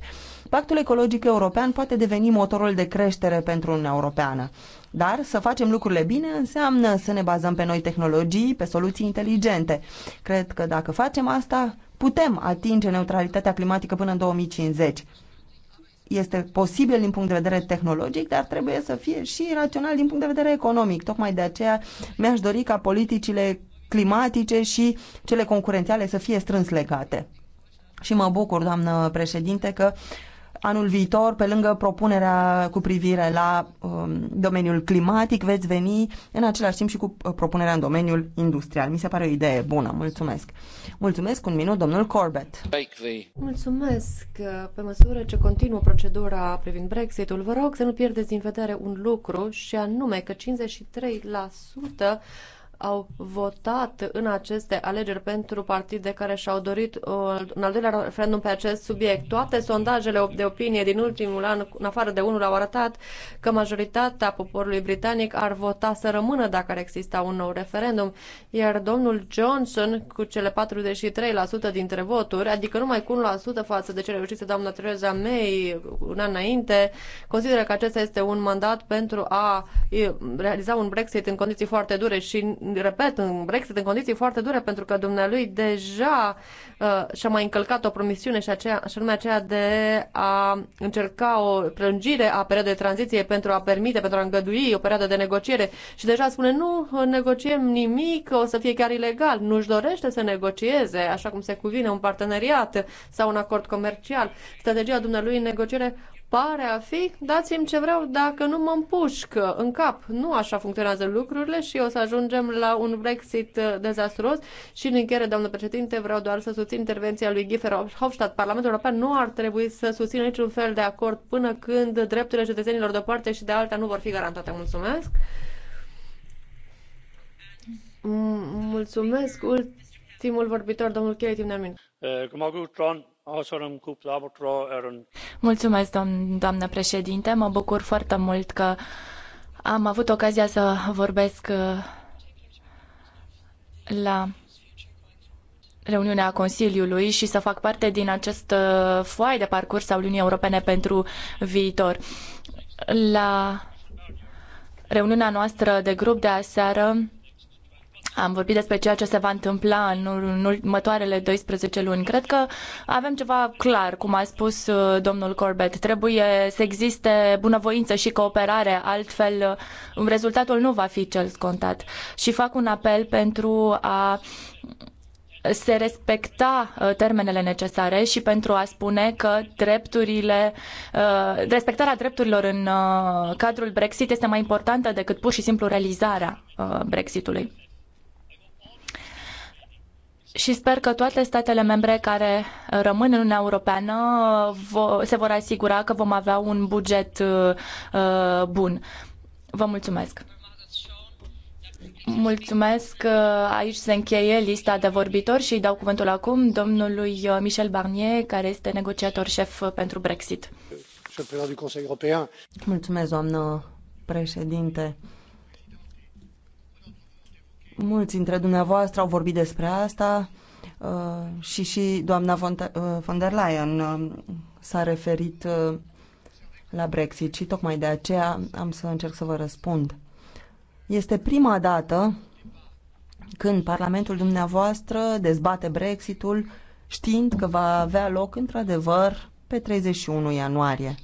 pactul ecologic european poate deveni motorul de creștere pentru Uniunea Europeană. Dar să facem lucrurile bine înseamnă să ne bazăm pe noi tehnologii, pe soluții inteligente. Cred că dacă facem asta, putem atinge neutralitatea climatică până în 2050 este posibil din punct de vedere tehnologic, dar trebuie să fie și rațional din punct de vedere economic. Tocmai de aceea mi-aș dori ca politicile climatice și cele concurențiale să fie strâns legate. Și mă bucur, doamnă președinte, că anul viitor, pe lângă propunerea cu privire la um, domeniul climatic, veți veni în același timp și cu uh, propunerea în domeniul industrial. Mi se pare o idee bună. Mulțumesc. Mulțumesc un minut, domnul Corbett. Mulțumesc. Pe măsură ce continuă procedura privind Brexitul, vă rog să nu pierdeți din vedere un lucru și anume că 53% au votat în aceste alegeri pentru partide care și-au dorit uh, un al doilea referendum pe acest subiect. Toate sondajele de opinie din ultimul an, în afară de unul, au arătat că majoritatea poporului britanic ar vota să rămână dacă ar exista un nou referendum, iar domnul Johnson, cu cele 43% dintre voturi, adică numai cu 1% față de ce reușise doamna Theresa May un an înainte, consideră că acesta este un mandat pentru a realiza un Brexit în condiții foarte dure și repet, în Brexit, în condiții foarte dure, pentru că dumnealui deja uh, și-a mai încălcat o promisiune și, aceea, și anume aceea de a încerca o prelungire a perioadei de tranziție pentru a permite, pentru a îngădui o perioadă de negociere și deja spune nu negociem nimic, o să fie chiar ilegal, nu-și dorește să negocieze așa cum se cuvine un parteneriat sau un acord comercial. Strategia dumnealui în negociere pare a fi, dați-mi ce vreau dacă nu mă împușcă în cap. Nu așa funcționează lucrurile și o să ajungem la un Brexit uh, dezastruos. Și în încheiere, doamnă președinte, vreau doar să susțin intervenția lui Giffer Hofstadt. Parlamentul European nu ar trebui să susțină niciun fel de acord până când drepturile cetățenilor de o parte și de alta nu vor fi garantate. Mulțumesc! Mulțumesc! Ultimul vorbitor, domnul Kelly Timnamin. Uh, Mulțumesc, doamnă președinte. Mă bucur foarte mult că am avut ocazia să vorbesc uh, la reuniunea Consiliului și să fac parte din acest uh, foaie de parcurs al Uniunii Europene pentru viitor. La reuniunea noastră de grup de aseară am vorbit despre ceea ce se va întâmpla în următoarele 12 luni. Cred că avem ceva clar, cum a spus uh, domnul Corbett. Trebuie să existe bunăvoință și cooperare, altfel uh, rezultatul nu va fi cel scontat. Și fac un apel pentru a se respecta uh, termenele necesare și pentru a spune că drepturile, respectarea drepturilor în cadrul Brexit este mai importantă decât pur și simplu realizarea Brexitului și sper că toate statele membre care rămân în Uniunea Europeană se vor asigura că vom avea un buget uh, uh, bun. Vă mulțumesc! Mulțumesc! Uh, aici se încheie lista de vorbitori și îi dau cuvântul acum domnului Michel Barnier, care este negociator șef pentru Brexit. Mulțumesc, doamnă președinte. Mulți dintre dumneavoastră au vorbit despre asta uh, și și doamna von uh, der Leyen um, s-a referit uh, la Brexit și tocmai de aceea am să încerc să vă răspund. Este prima dată când Parlamentul dumneavoastră dezbate Brexitul știind că va avea loc într-adevăr pe 31 ianuarie.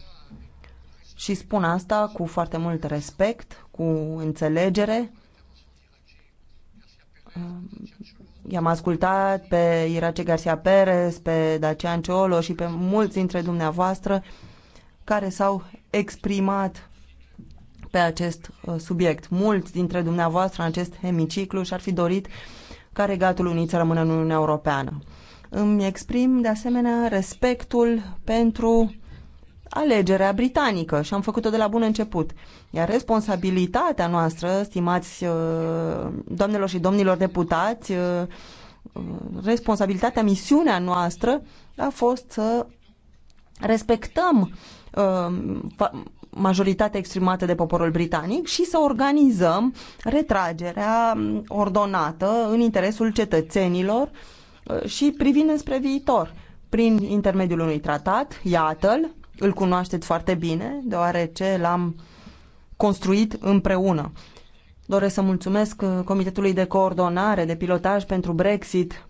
Și spun asta cu foarte mult respect, cu înțelegere Um, i-am ascultat pe Irace Garcia Perez, pe Dacian Ciolo și pe mulți dintre dumneavoastră care s-au exprimat pe acest uh, subiect. Mulți dintre dumneavoastră în acest hemiciclu și-ar fi dorit ca Regatul Unit să rămână în Uniunea Europeană. Îmi exprim de asemenea respectul pentru alegerea britanică și am făcut-o de la bun început. Iar responsabilitatea noastră, stimați uh, doamnelor și domnilor deputați, uh, responsabilitatea, misiunea noastră a fost să respectăm uh, majoritatea exprimată de poporul britanic și să organizăm retragerea mm, ordonată în interesul cetățenilor și privind spre viitor prin intermediul unui tratat, iată-l, îl cunoașteți foarte bine, deoarece l-am construit împreună. Doresc să mulțumesc uh, Comitetului de Coordonare de Pilotaj pentru Brexit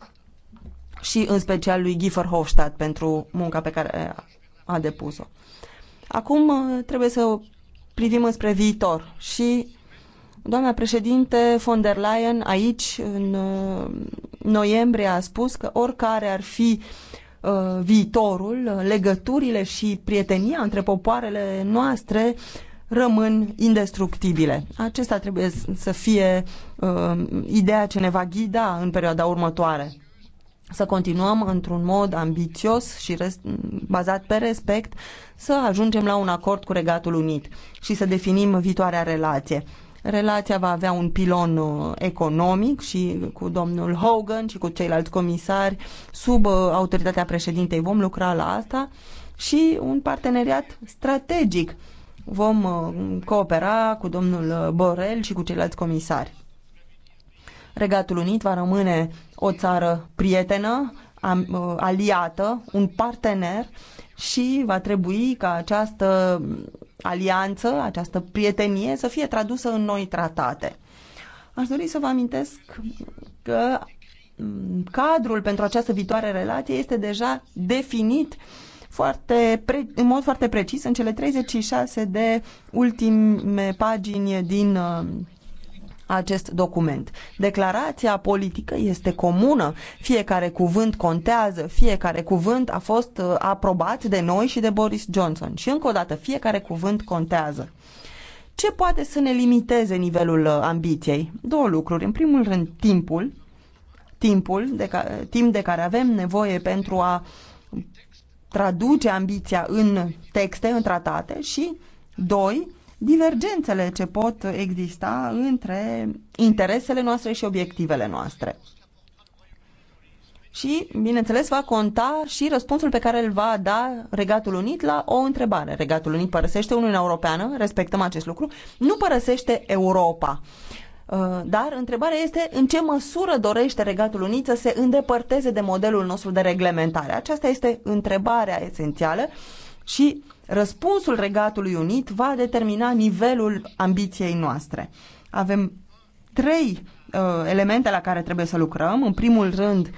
și în special lui Giefer Hofstadt pentru munca pe care uh, a depus-o. Acum uh, trebuie să privim înspre viitor și doamna președinte von der Leyen aici în noiembrie a spus că oricare ar fi Uh, viitorul, uh, legăturile și prietenia între popoarele noastre rămân indestructibile. Acesta trebuie să fie uh, ideea ce ne va ghida în perioada următoare. Să continuăm într-un mod ambițios și bazat pe respect să ajungem la un acord cu Regatul Unit și să definim viitoarea relație. Relația va avea un pilon uh, economic și cu domnul Hogan și cu ceilalți comisari sub uh, autoritatea președintei vom lucra la asta și un parteneriat strategic. Vom uh, coopera cu domnul Borel și cu ceilalți comisari. Regatul Unit va rămâne o țară prietenă, aliată, un partener și va trebui ca această alianță, această prietenie să fie tradusă în noi tratate. Aș dori să vă amintesc că mm, cadrul pentru această viitoare relație este deja definit foarte pre, în mod foarte precis în cele 36 de ultime pagini din uh, acest document. Declarația politică este comună, fiecare cuvânt contează, fiecare cuvânt a fost uh, aprobat de noi și de Boris Johnson. Și încă o dată, fiecare cuvânt contează. Ce poate să ne limiteze nivelul uh, ambiției? Două lucruri. În primul rând, timpul, timpul de ca, uh, timp de care avem nevoie pentru a traduce ambiția în texte, în tratate și, doi, divergențele ce pot exista între interesele noastre și obiectivele noastre. Și, bineînțeles, va conta și răspunsul pe care îl va da Regatul Unit la o întrebare. Regatul Unit părăsește Uniunea Europeană, respectăm acest lucru, nu părăsește Europa. Uh, dar întrebarea este în ce măsură dorește Regatul Unit să se îndepărteze de modelul nostru de reglementare. Aceasta este întrebarea esențială și Răspunsul Regatului Unit va determina nivelul ambiției noastre. Avem trei uh, elemente la care trebuie să lucrăm. În primul rând,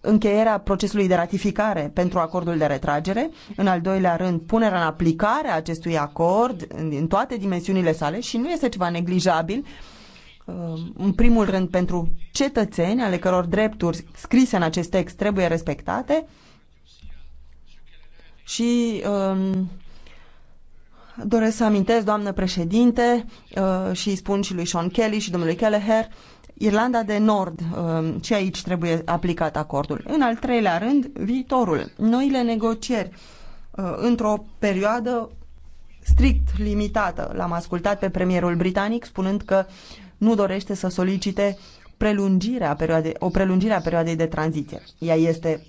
încheierea procesului de ratificare pentru acordul de retragere, în al doilea rând, punerea în aplicare a acestui acord în, în toate dimensiunile sale și nu este ceva neglijabil, uh, în primul rând pentru cetățeni ale căror drepturi scrise în acest text trebuie respectate, și um, doresc să amintesc, doamnă președinte, uh, și spun și lui Sean Kelly și domnului Kelleher, Irlanda de Nord, uh, aici trebuie aplicat acordul. În al treilea rând, viitorul, noile negocieri uh, într-o perioadă strict limitată. L-am ascultat pe premierul britanic spunând că nu dorește să solicite prelungirea perioadei, o prelungire a perioadei de tranziție. Ea este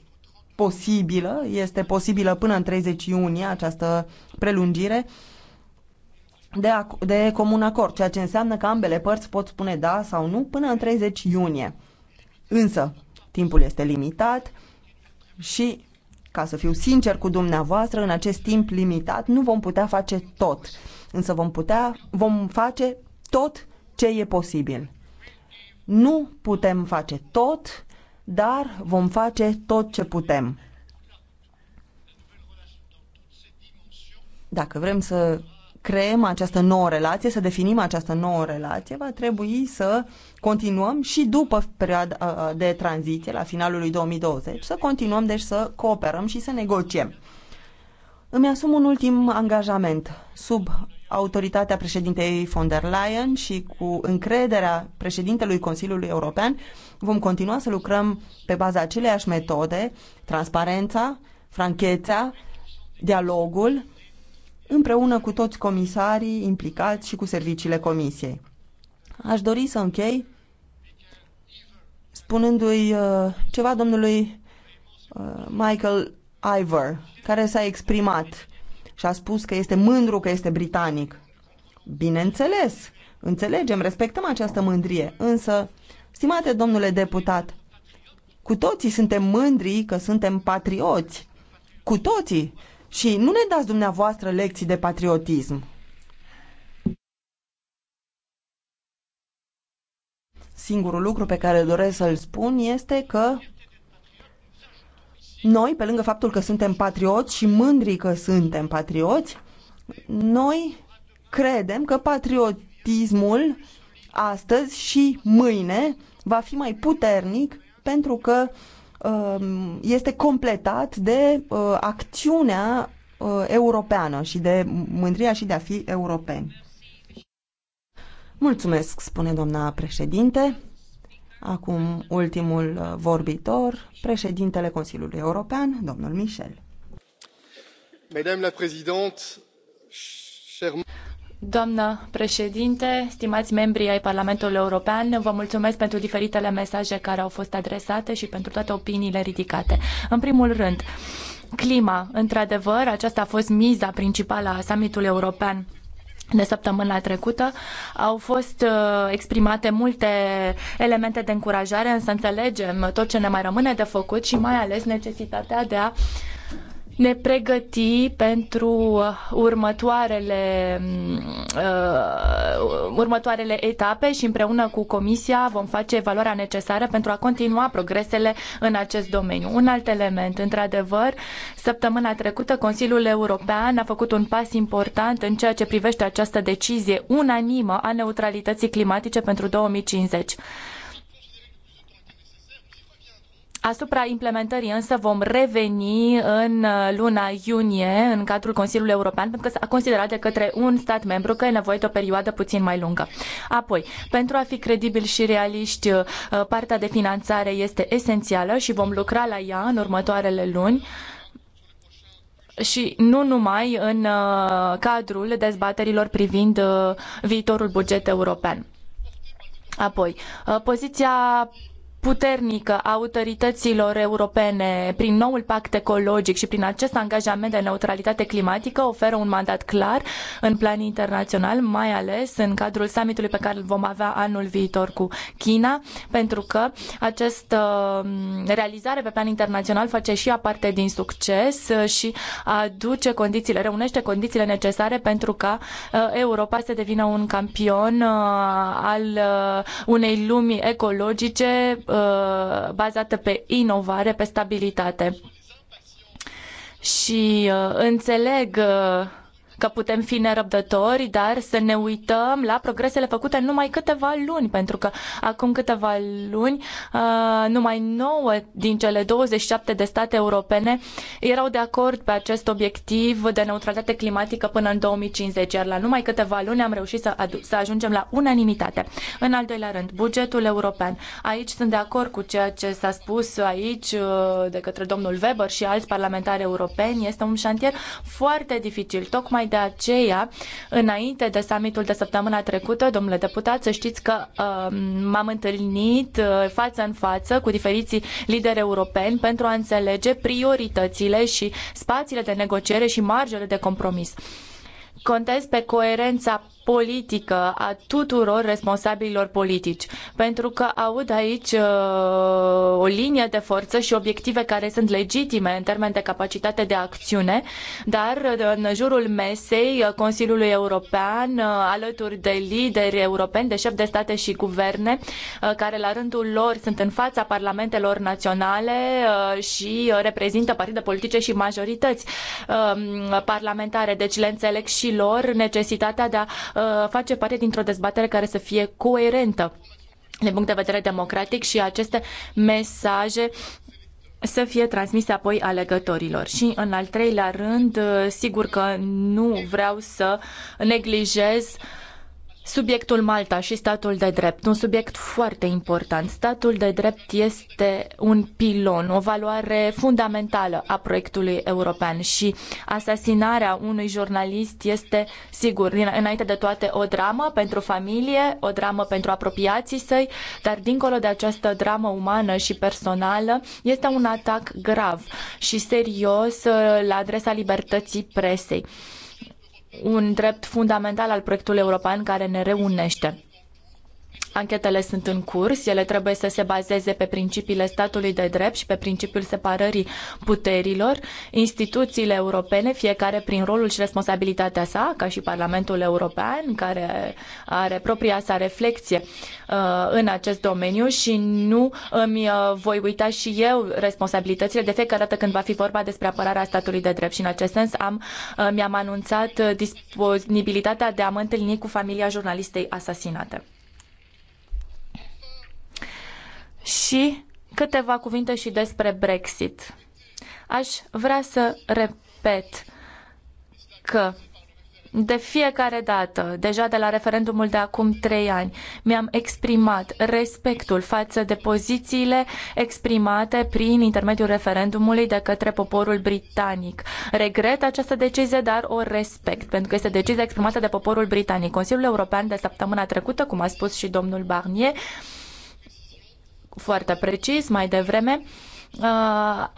posibilă, este posibilă până în 30 iunie această prelungire de, de comun acord, ceea ce înseamnă că ambele părți pot spune da sau nu până în 30 iunie. Însă, timpul este limitat și, ca să fiu sincer cu dumneavoastră, în acest timp limitat nu vom putea face tot, însă vom putea, vom face tot ce e posibil. Nu putem face tot dar vom face tot ce putem. Dacă vrem să creăm această nouă relație, să definim această nouă relație, va trebui să continuăm și după perioada de tranziție, la finalul lui 2020, să continuăm, deci să cooperăm și să negociem. Îmi asum un ultim angajament. Sub autoritatea președintei von der Leyen și cu încrederea președintelui Consiliului European, Vom continua să lucrăm pe baza aceleiași metode, transparența, franchețea, dialogul, împreună cu toți comisarii implicați și cu serviciile comisiei. Aș dori să închei spunându-i uh, ceva domnului uh, Michael Ivor, care s-a exprimat și a spus că este mândru că este britanic. Bineînțeles, înțelegem, respectăm această mândrie, însă Stimate domnule deputat, cu toții suntem mândri că suntem patrioți. Cu toții. Și nu ne dați dumneavoastră lecții de patriotism. Singurul lucru pe care doresc să-l spun este că noi, pe lângă faptul că suntem patrioți și mândri că suntem patrioți, noi credem că patriotismul astăzi și mâine va fi mai puternic pentru că um, este completat de uh, acțiunea uh, europeană și de mândria și de a fi europeni. Mulțumesc, spune doamna președinte. Acum ultimul uh, vorbitor, președintele Consiliului European, domnul Michel. Madame la présidente, chers Doamnă președinte, stimați membri ai Parlamentului European, vă mulțumesc pentru diferitele mesaje care au fost adresate și pentru toate opiniile ridicate. În primul rând, clima. Într-adevăr, aceasta a fost miza principală a summitului european de săptămâna trecută au fost uh, exprimate multe elemente de încurajare, însă înțelegem tot ce ne mai rămâne de făcut și mai ales necesitatea de a ne pregăti pentru uh, următoarele, uh, următoarele etape și împreună cu Comisia vom face evaluarea necesară pentru a continua progresele în acest domeniu. Un alt element, într-adevăr, săptămâna trecută Consiliul European a făcut un pas important în ceea ce privește această decizie unanimă a neutralității climatice pentru 2050. Asupra implementării însă vom reveni în uh, luna iunie în cadrul Consiliului European pentru că s-a considerat de către un stat membru că e nevoie de o perioadă puțin mai lungă. Apoi, pentru a fi credibili și realiști, uh, partea de finanțare este esențială și vom lucra la ea în următoarele luni și nu numai în uh, cadrul dezbaterilor privind viitorul buget european. Apoi, poziția puternică a autorităților europene prin noul pact ecologic și prin acest angajament de neutralitate climatică oferă un mandat clar în plan internațional, mai ales în cadrul summitului pe care îl vom avea anul viitor cu China, pentru că această mm, realizare pe plan internațional face și ea parte din succes și aduce condițiile, reunește condițiile necesare pentru ca uh, Europa să devină un campion uh, al uh, unei lumi ecologice Uh, bazată pe inovare, pe stabilitate. Și uh, înțeleg uh, că putem fi nerăbdători, dar să ne uităm la progresele făcute în numai câteva luni, pentru că acum câteva luni uh, numai 9 din cele 27 de state europene erau de acord pe acest obiectiv de neutralitate climatică până în 2050, iar la numai câteva luni am reușit să, să ajungem la unanimitate. În al doilea rând, bugetul european. Aici sunt de acord cu ceea ce s-a spus aici uh, de către domnul Weber și alți parlamentari europeni. Este un șantier foarte dificil, tocmai de aceea, înainte de summitul de săptămâna trecută, domnule deputat, să știți că uh, m-am întâlnit uh, față în față cu diferiții lideri europeni pentru a înțelege prioritățile și spațiile de negociere și marjele de compromis contez pe coerența politică a tuturor responsabililor politici, pentru că aud aici uh, o linie de forță și obiective care sunt legitime în termen de capacitate de acțiune, dar uh, în jurul mesei uh, Consiliului European, uh, alături de lideri europeni, de șefi de state și guverne, uh, care la rândul lor sunt în fața parlamentelor naționale uh, și reprezintă partide politice și majorități um, parlamentare, deci le înțeleg și lor necesitatea de a uh, face parte dintr-o dezbatere care să fie coerentă din punct de vedere democratic și aceste mesaje să fie transmise apoi alegătorilor. Și în al treilea rând, uh, sigur că nu vreau să neglijez uh, Subiectul Malta și statul de drept, un subiect foarte important. Statul de drept este un pilon, o valoare fundamentală a proiectului european și asasinarea unui jurnalist este, sigur, înainte de toate o dramă pentru familie, o dramă pentru apropiații săi, dar dincolo de această dramă umană și personală, este un atac grav și serios uh, la adresa libertății presei un drept fundamental al proiectului european care ne reunește. Anchetele sunt în curs, ele trebuie să se bazeze pe principiile statului de drept și pe principiul separării puterilor. Instituțiile europene, fiecare prin rolul și responsabilitatea sa, ca și Parlamentul European, care are propria sa reflexie uh, în acest domeniu și nu îmi uh, voi uita și eu responsabilitățile de fiecare dată când va fi vorba despre apărarea statului de drept. Și în acest sens am, uh, mi-am anunțat disponibilitatea de a mă întâlni cu familia jurnalistei asasinate. Și câteva cuvinte și despre Brexit. Aș vrea să repet că de fiecare dată, deja de la referendumul de acum trei ani, mi-am exprimat respectul față de pozițiile exprimate prin intermediul referendumului de către poporul britanic. Regret această decizie, dar o respect, pentru că este decizia exprimată de poporul britanic. Consiliul European de săptămâna trecută, cum a spus și domnul Barnier, foarte precis mai devreme, uh, a,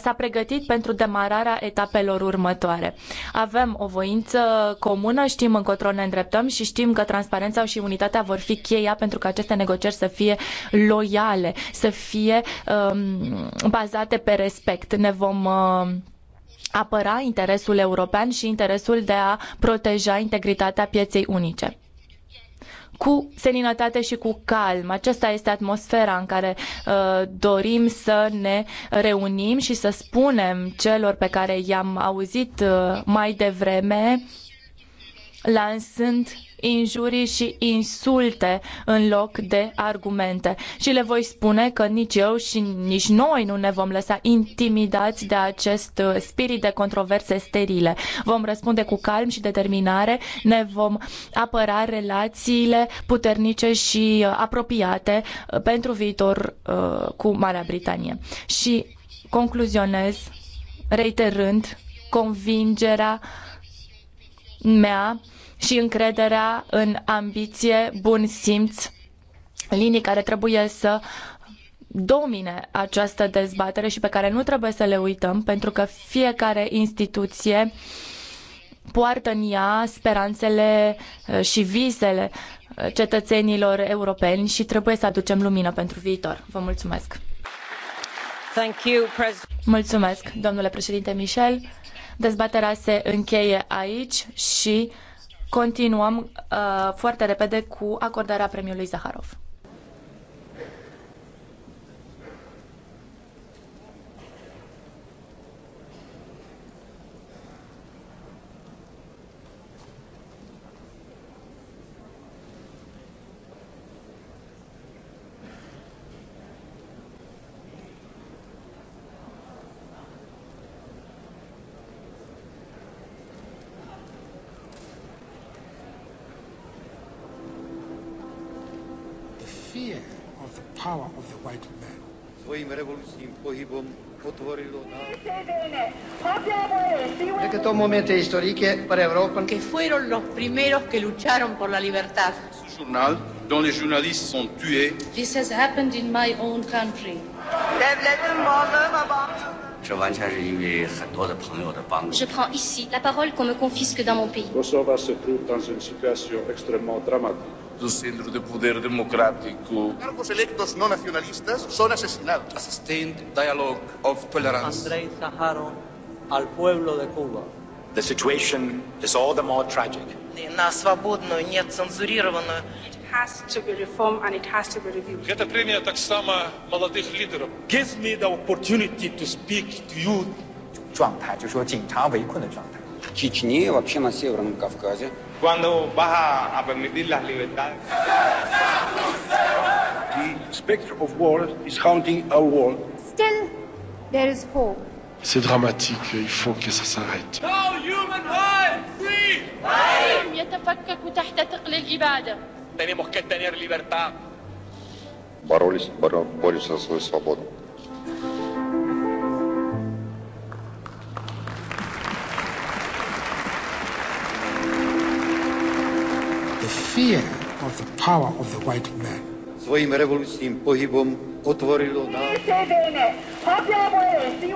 s-a pregătit pentru demararea etapelor următoare. Avem o voință comună, știm încotro ne îndreptăm și știm că transparența și unitatea vor fi cheia pentru că aceste negocieri să fie loiale, să fie um, bazate pe respect. Ne vom uh, apăra interesul european și interesul de a proteja integritatea pieței unice cu seninătate și cu calm. Aceasta este atmosfera în care uh, dorim să ne reunim și să spunem celor pe care i-am auzit uh, mai devreme, lansând injurii și insulte în loc de argumente. Și le voi spune că nici eu și nici noi nu ne vom lăsa intimidați de acest uh, spirit de controverse sterile. Vom răspunde cu calm și determinare, ne vom apăra relațiile puternice și uh, apropiate uh, pentru viitor cu Marea Britanie. Și concluzionez reiterând convingerea mea și încrederea în ambiție, bun simț, linii care trebuie să domine această dezbatere și pe care nu trebuie să le uităm, pentru că fiecare instituție poartă în ea speranțele uh, și visele uh, cetățenilor europeni și trebuie să aducem lumină pentru viitor. Vă mulțumesc! Mulțumesc, domnule președinte Michel. Dezbaterea se încheie aici și continuăm uh, foarte repede cu acordarea premiului Zaharov. svojim revolučným pohybom otvorilo na... Es que todo momento histórico para Europa. Que fueron los primeros que lucharon por la libertad. Ce journal, dont les journalistes sont tués. This has happened in my own country. Devletin varlığı ve bağımsızlığı ce Je prends ici la parole qu'on me confisque dans mon pays. Kosova se trouve dans une situation extrêmement dramatique. Του centro de poder democrático. Cargos electos no nacionalistas son asesinados. A sustained dialogue of tolerance. Andrei Saharov al pueblo de Cuba. The situation is all the more tragic. На свободную, нецензурированную Эта премия так само молодых лидеров. Gives me the opportunity to speak to you. 状态就是说警察围困的状态。Чечне, вообще на Северном Кавказе. Cuando vas a permitir las libertades. The specter of war is haunting our world. Still, there is hope. C'est dramatique, il faut que ça s'arrête. No human life! Free! يتفكك تحت ثقل الإبادة Tenemos que tener libertad. Боролись, боро, борются за свою свободу. The fear of the power of the white man. Svojim revolučným pohybom otvorilo na...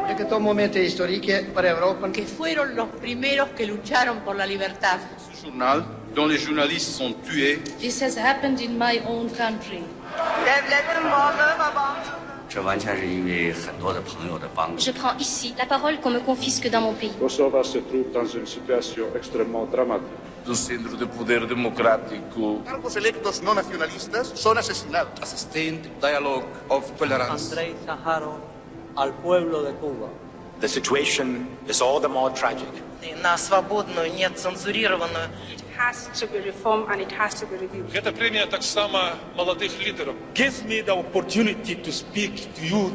De que todo momento histórico para Europa. Que fueron los primeros que lucharon por la libertad. Su jornal dont les journalistes sont tués. This has happened in my own country. Je prends ici la parole qu'on me confisque dans mon pays. Kosovo se trouve dans une situation extrêmement dramatique. Un centro de poder democrático. Cargos electos no nacionalistas son asesinados. A sustained dialogue of tolerance. Andrei Saharov al pueblo de Cuba. The situation is all the more tragic. На свободную, нет цензурированную Это премия так само молодых лидеров. Gives me the opportunity to speak to you.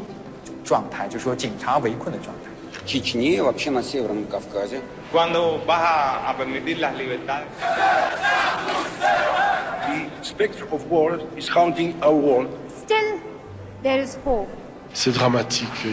状态就是说警察围困的状态。Чечне, вообще на Северном Кавказе. The specter of war is haunting our world. Still, there is hope. C'est dramatique.